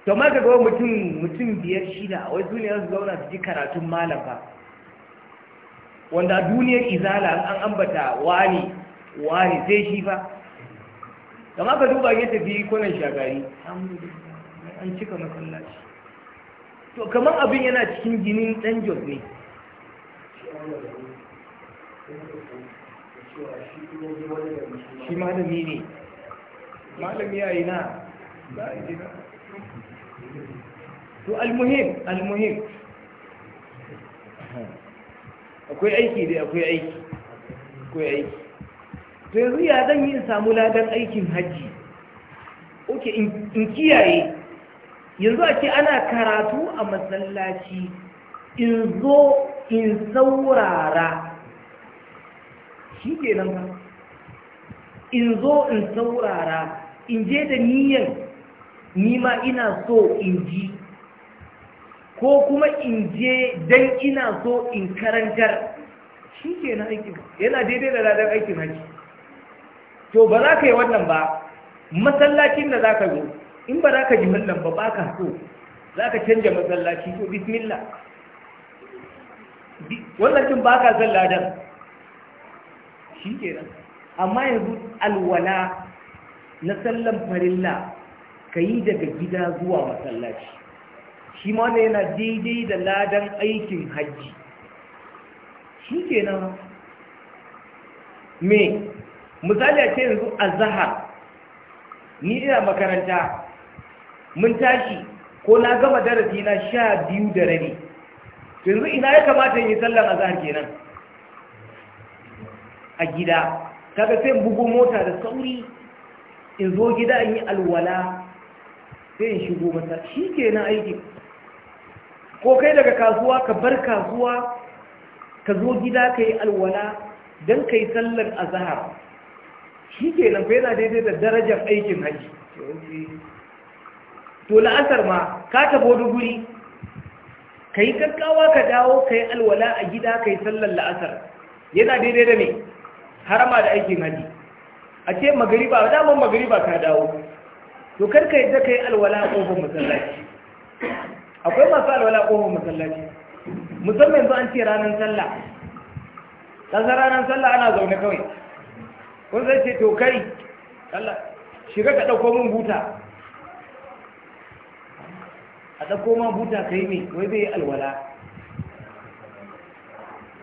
to ma ka gawa mutum mutum biyar shida a wasu ne su zauna su ji karatun malam wanda duniyar izala an ambata wani wani sai shi fa kama ka duba ya tafi kunan shagari an cika kallaci. to kamar abin yana cikin jinin ɗan jos ne shi malami ne malami ya yi na to almuhim almuhim akwai aiki dai akwai aiki akwai aiki to yanzu ya zan yi samu ladan aikin hajji oke in kiyaye yanzu ake ana karatu a matsalaci in zo in saurara shi ke nan ba in zo in saurara in je da niyan nima ina so in ji ko kuma in je don ina so in karantar shi ke nan aikin yana daidai da ladar aikin haji to ba za ka yi wannan ba masallacin da za ka zo in ba za ka ji wannan ba ba ka so za ka canja masallaci ko bismillah wannan cin ba ka son ladan shi nan amma yanzu alwala na sallan farilla ka yi daga gida zuwa masallaci shi ma ne yana daidai da ladan aikin hajji shi nan me misali a ce yanzu a zahar ni ina makaranta mun tashi ko na gama darasi na sha biyu da rabi yanzu ina ya kamata in yi sallan azhar kenan a gida kaga sai bugu mota da sauri in zo gida in yi alwala sai in shigo masa shi kenan aiki ko kai daga kasuwa ka bar kasuwa ka zo gida ka yi alwala don ka yi sallar azahar shi ke nan fa yana daidai da darajar aikin hajji to la'asar ma ka tafi wani ka yi kakkawa ka dawo ka yi alwala a gida ka yi sallar la'asar yana daidai da ne harama da aikin haji a ce magariba daman magariba ka dawo to kar ka yadda ka yi alwala a ƙofar masallaci akwai masu alwala a ƙofar masallaci musamman zuwa an ce ranar sallah ƙasar ranar sallah ana zaune kawai kun sai ce to kai shiga ka ɗauko min buta a ɗauko ma buta ka yi mai zai bai alwala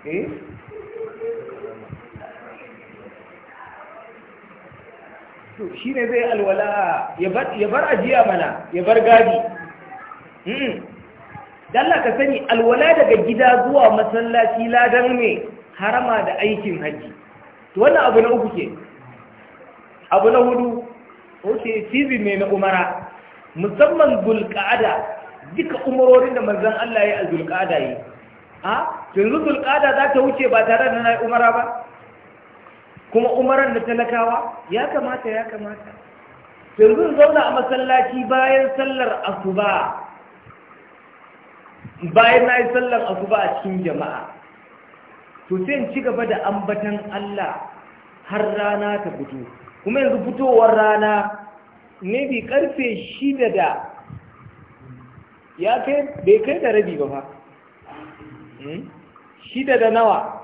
eh to shi ne zai alwala ya bar ajiya mana ya bar gadi hmm. dalla ka sani alwala daga gida zuwa masallaci ladan ne harama da aikin haji to wannan abu na uku ke abu na hudu Ok, tv mai na umara musamman gulka'ada duka umarorin da manzon Allah ya zulƙada yi a yanzu zulƙada za ta wuce ba tare da yi umara ba kuma umaran da talakawa ya kamata ya kamata yanzu zauna a masallaci bayan sallar asuba bayan na yi sallar asuba a cikin jama'a to sai in ci gaba da ambatan Allah har rana ta fito kuma yanzu fitowar rana bi karfe shida da ya kai bai kai da rabi ba fa hmm? shida da nawa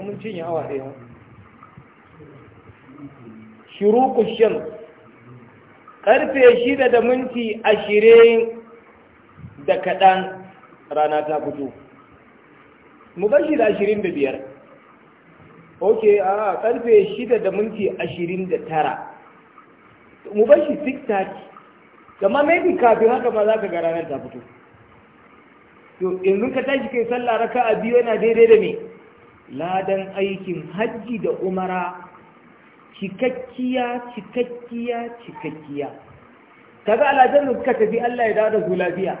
mun cinye awa ɗaya shuruku shan karfe shida da minti ashirin da kaɗan rana ta fito mu bar shi da ashirin da biyar ok a karfe shida da minti ashirin da tara mu bar shi 6:30 amma maybe kafin haka ma za ka ga ranar ta fito to yanzu ka tashi kai sallah raka a biyu yana daidai da me ladan aikin hajji da umara cikakkiya cikakkiya cikakkiya kaga alajan da suka tafi Allah ya dawo da su lafiya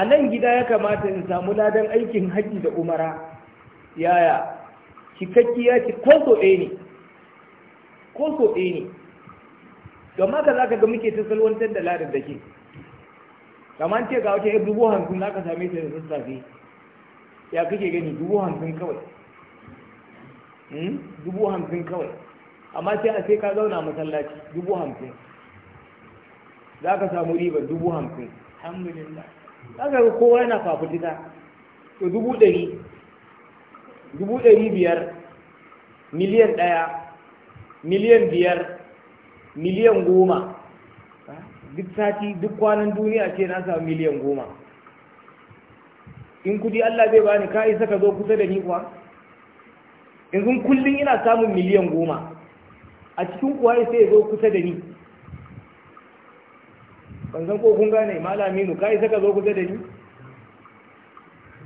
a nan gida ya kamata in samu ladan aikin hajji da umara yaya cikakkiya ci ko so ɗaya ne ko so ɗaya ne kamar haka za ka ga muke ta salwantar da ladar da ke kamar ce ga wata yar dubu hamsin za ka same ta da sassafe ya kake gani dubu hamsin kawai hmm? dubu hamsin kawai amma sai a sai ka zauna masallaci dubu hamsin za ka samu ribar dubu hamsin alhamdulillah za ka ga kowa yana fafutuka to dubu ɗari dubu ɗari biyar miliyan ɗaya miliyan biyar miliyan goma duk sati duk kwanan duniya ce na samu miliyan goma in kudi Allah zai bani ka isa ka zo kusa da ni kuwa yanzu kullum ina samun miliyan goma a cikin kuwa sai ya zo kusa da ni ban san ko kun gane malami nu ka isa ka zo kusa da ni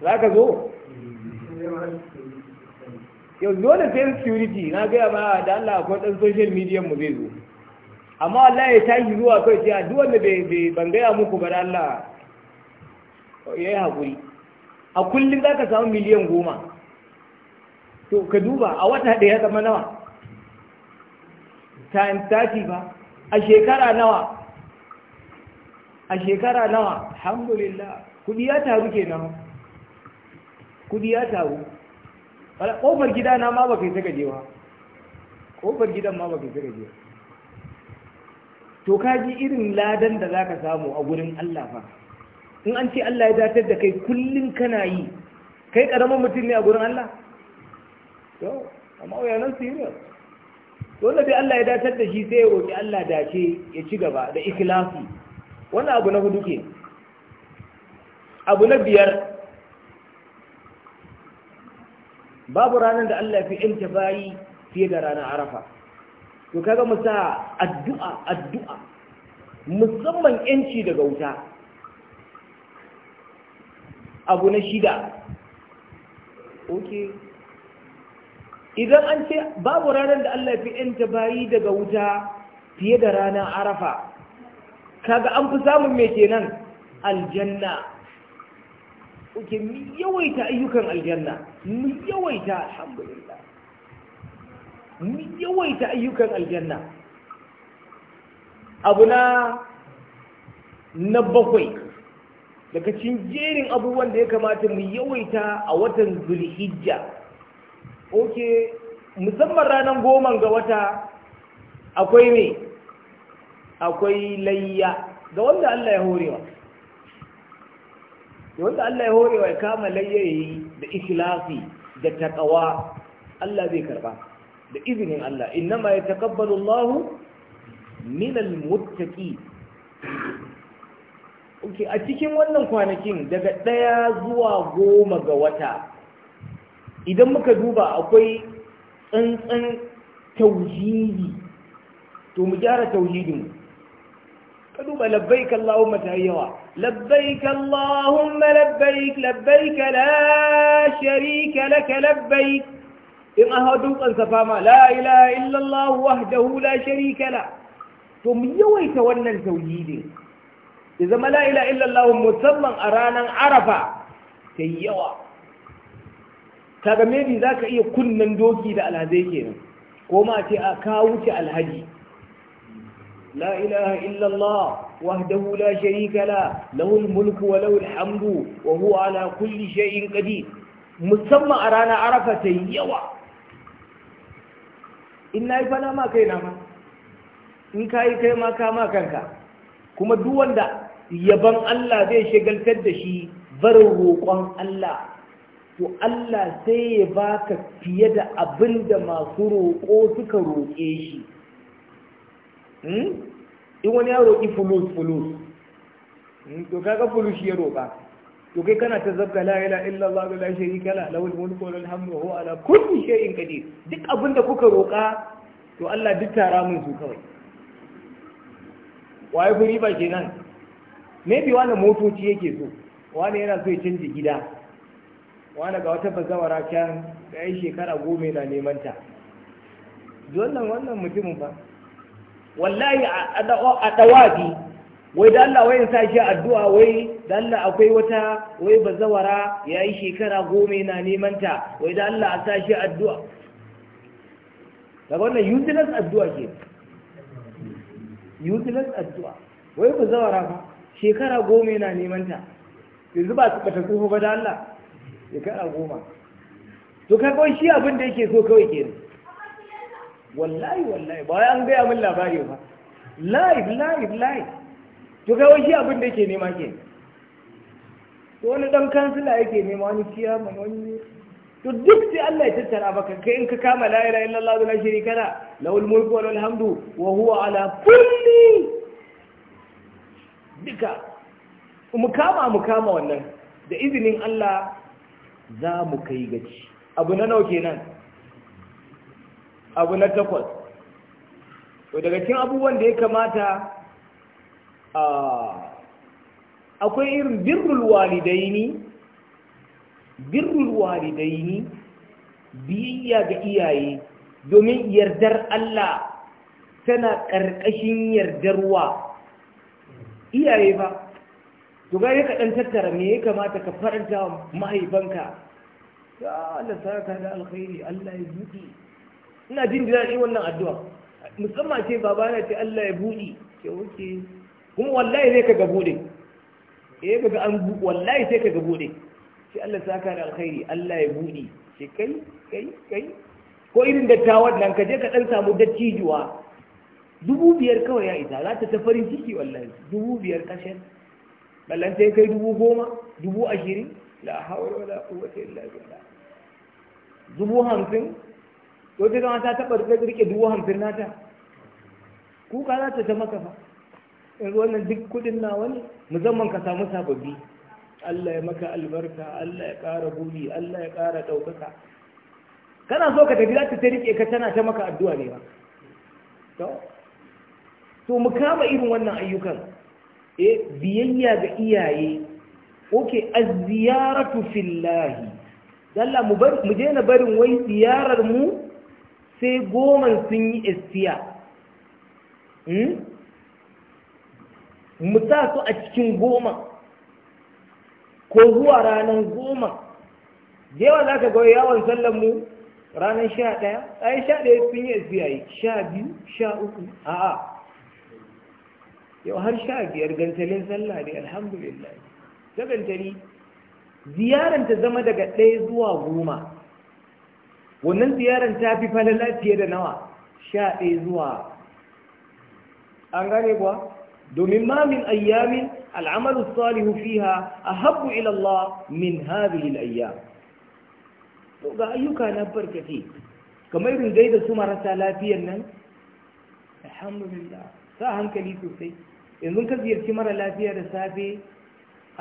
za ka zo yau dole sai security na gaya ma da Allah akwai dan social media mu zai zo amma Allah ya tashi zuwa kai sai ah, duk wanda bai bangaya muku ba Allah ya yi haƙuri a kullum za ka samu miliyan goma to ka duba a wata ɗaya zama nawa times 30 ba a shekara nawa a shekara nawa alhamdulillah kudi ya taru kenan kudi ya taru ƙofar gida na ma ba kai saka jewa ƙofar gidan ma ba kai saka jewa to ka ji irin ladan da za ka samu a gurin Allah fa in an ce Allah ya datar da kai kullum kana yi kai karamin mutum ne a gurin Allah yau amma wa yanar serious wanda dai Allah ya datar da shi sai ya roƙi Allah dace ya ci gaba da ikhlasi wannan abu na hudu ke abu na biyar babu ranar da Allah fi yanta bayi fiye da ranar arafa to kaga mu sa addu'a addu'a musamman yanci daga wuta abu na shida idan an ce babu ranar da Allah fi yanta bayi daga wuta fiye da ranar arafa kaga an fi samun mai kenan aljanna ok, mu yawaita ayyukan aljanna mu yawaita alhamdulillah yawaita ayyukan aljanna abu na na bakwai daga cikin jerin abubuwan da ya kamata mu yawaita a watan zulhijja ok musamman ranar goma ga wata akwai ne akwai layya ga wanda Allah ya horewa da wanda Allah ya horewa ya kama layya da islafi da takawa Allah zai karba da izinin Allah Inna ya takabbalu Allah minal almuttaqi okay a cikin wannan kwanakin daga ɗaya zuwa goma ga wata idan muka duba akwai tsantsan tauhidi to mu gyara tauhidin ka duba labbaik Allahumma ta yawa labbaik Allahumma labbaik labbaik la sharika laka labbaik in an hau dukansa fama la ilaha illallah wahdahu la sharika la to mu yawaita wannan tauhidin ya zama la ilaha illallah musamman a ranar arafa ta yi yawa kaga maybe za ka iya kunnan doki da alhazai kenan ko ma ce a kawo wuce alhaji la ilaha illallah وحده لا شريك له له الملك وله الحمد وهو على كل شيء قدير مسمى أرانا عرفة yawa. in na yi fana ma kai na ma in ka yi kai ma ka ma kanka kuma duk wanda yaban Allah zai shagaltar da shi barin roƙon Allah to Allah sai ya baka fiye da abin da masu roƙo suka roƙe shi hmm? in wani ya roƙi fulus fulus hmm? to kaga fulus ya roƙa to kai kana ta zabga la illa illallah wa la sharika la al mulku wa hamdu wa ala kulli shay'in qadir duk abinda kuka roka to Allah duk tara mun su kawai waye ku riba kenan bi wani motoci yake so wani yana so ya canza gida wani ga wata bazawara can da ya shekara goma yana neman ta wannan wannan mutumin ba wallahi a dawabi wai da Allah wai sa shi addu'a wai da Allah akwai wata wai bazawara ya yi shekara goma na neman ta wai da Allah a sa shi addu'a daga wannan useless addu'a ke useless addu'a wai bazawara ba shekara goma na neman ta yanzu ba su bata tsoho ba da Allah shekara goma to kai kawai shi abin da yake so kawai ke wallahi wallahi ba wai an gaya min labari ba live live live to kawai shi abin da yake nema ke to wani dan kansila yake nema wani ciyaman wani to duk sai Allah ya tattara maka kai in ka kama la ilaha illallah wa la sharika la lahul mulku lahul hamdu wa huwa ala kulli duka mu kama mu kama wannan da izinin Allah za mu kai gaci abu na nawa kenan abu na takwas to daga cikin abubuwan da ya kamata akwai irin birrul walidaini birrul walidaini biyayya ga iyaye domin yardar Allah tana ƙarƙashin yardarwa iyaye ba to ga ya kaɗan tattara me ya kamata ka faranta mahaifanka ya Allah saraka da alkhairi Allah ya buɗe ina jin daɗin wannan addu'a musamman ce babana ce Allah ya buɗe ke wuce kuma wallahi zai ka ga bude eh kaga an wallahi sai ka ga bude sai Allah saka da alkhairi Allah ya bude sai kai kai kai ko irin dattawan nan ka je ka dan samu dattijuwa dubu biyar kawai ya isa za ta ta farin ciki wallahi dubu biyar kashin ballan sai kai dubu goma dubu ashirin la hawla wala quwwata illa billah dubu hamsin to ta zama ta taɓa rike dubu hamsin nata kuka za ta ta maka fa yanzu wannan duk kudin nawa ne musamman ka samu sababbi Allah ya maka albarka Allah ya ƙara guri Allah ya ƙara ɗaukaka kana so ka tafi za ta riƙe ka tana ta maka addu'a ne ba to mu kama irin wannan ayyukan eh biyayya ga iyaye oke az-ziyaratu fillahi dalla mu bar mu je na barin wai ziyarar mu sai goman sun yi istiya hmm? mu sa su a cikin goma ko zuwa ranar goma da yawa za ka ga yawon sallan mu ranar sha ɗaya ai sha ɗaya sun yi sha biyu sha uku a'a yau har sha biyar gantalin sallah ne alhamdulillah ta gantali ziyaran ta zama daga ɗaya zuwa goma wannan ziyaran ta fi falala fiye da nawa sha ɗaya zuwa an gane kuwa domin ma min ayyamin al'amalu salihu fiha ahabbu ila Allah min hadhihi al-ayyam to ga ayyuka na barkati kamar irin gaida su marasa lafiyar nan alhamdulillah sa hankali sosai yanzu ka ziyarci mara lafiya da safe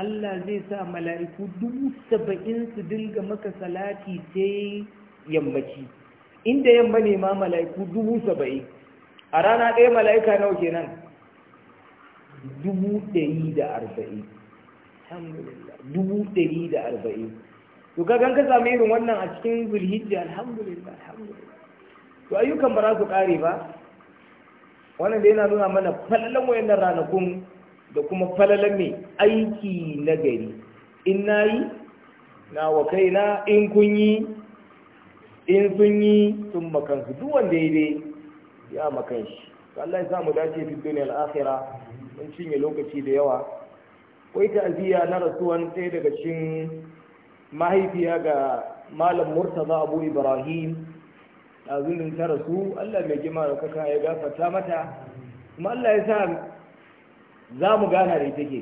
Allah zai sa mala'iku dubu saba'in su dinga maka salati sai yammaci inda yamma ne ma mala'iku dubu saba'in a rana ɗaya mala'ika nawa kenan dubu ɗari da arba'in dubu ɗari da arba'in to ka gan ka samu irin wannan a cikin zulhijja alhamdulillah alhamdulillah to ayyukan ba za su ƙare ba wannan da yana nuna mana falalan wayannan ranakun da kuma falalan mai aiki na gari in na yi na wa kaina in kun yi in sun yi sun makansu duk wanda ya dai ya makan shi Allah ya samu dace fi duniyar al'afira. sun cinye lokaci da yawa kwai ta'aziyya na rasuwan ɗaya daga cikin mahaifiya ga malam murtaza abu ibrahim zunin ta rasu allah mai gima da kaka ya gafata mata kuma allah ya sa za mu gana da ita ke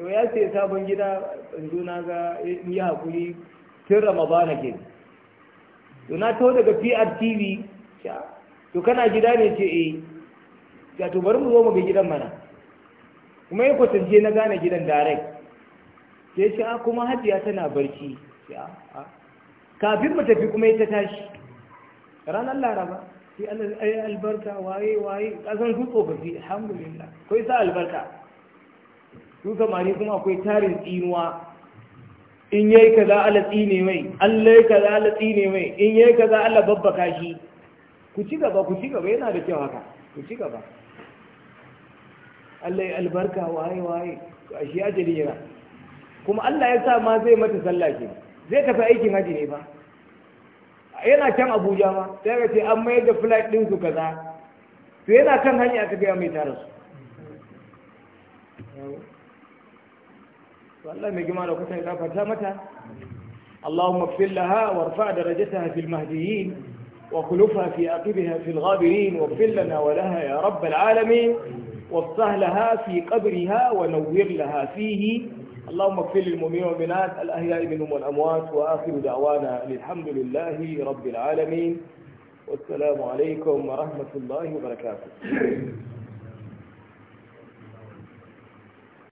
yau ya sai sabon gida yanzu na ga in yi hakuri tun ramadana ke to na to daga prtv to kana gida ne ce eh to bari mu zo mu ga gidan mana kuma ya kwatar je na gane gidan darek sai shi a ah, kuma hajiya tana barci ah, ah. kafin mu tafi kuma ya ta tashi ranar laraba sai Allah albarka waye waye kasan su tsofaffi alhamdulillah kai sa albarka su samari kuma akwai tarin tsinuwa in yai za a latsi tsine mai Allah za a latsi tsine mai in yai ka za Allah babbaka shi ku ci gaba ku ci gaba yana da kyau haka ku ci gaba Allah ya albarka waye waye a shi ajali yana kuma Allah ya sa ma zai mata sallah zai tafi aikin haji ne ba yana can Abuja ma sai ga an mayar da flight din su kaza to yana kan hanya aka ga mai tare su Allah mai gima da kusa ya kafarta mata Allahumma fillaha laha warfa darajataha fil mahdiyin wa khulufa fi aqibiha fil ghabirin wa fil lana wa laha ya rabbal وافتح لها في قبرها ونور لها فيه اللهم اغفر للمؤمنين والمؤمنات الأحياء منهم والأموات وآخر دعوانا الحمد لله رب العالمين والسلام عليكم ورحمة الله وبركاته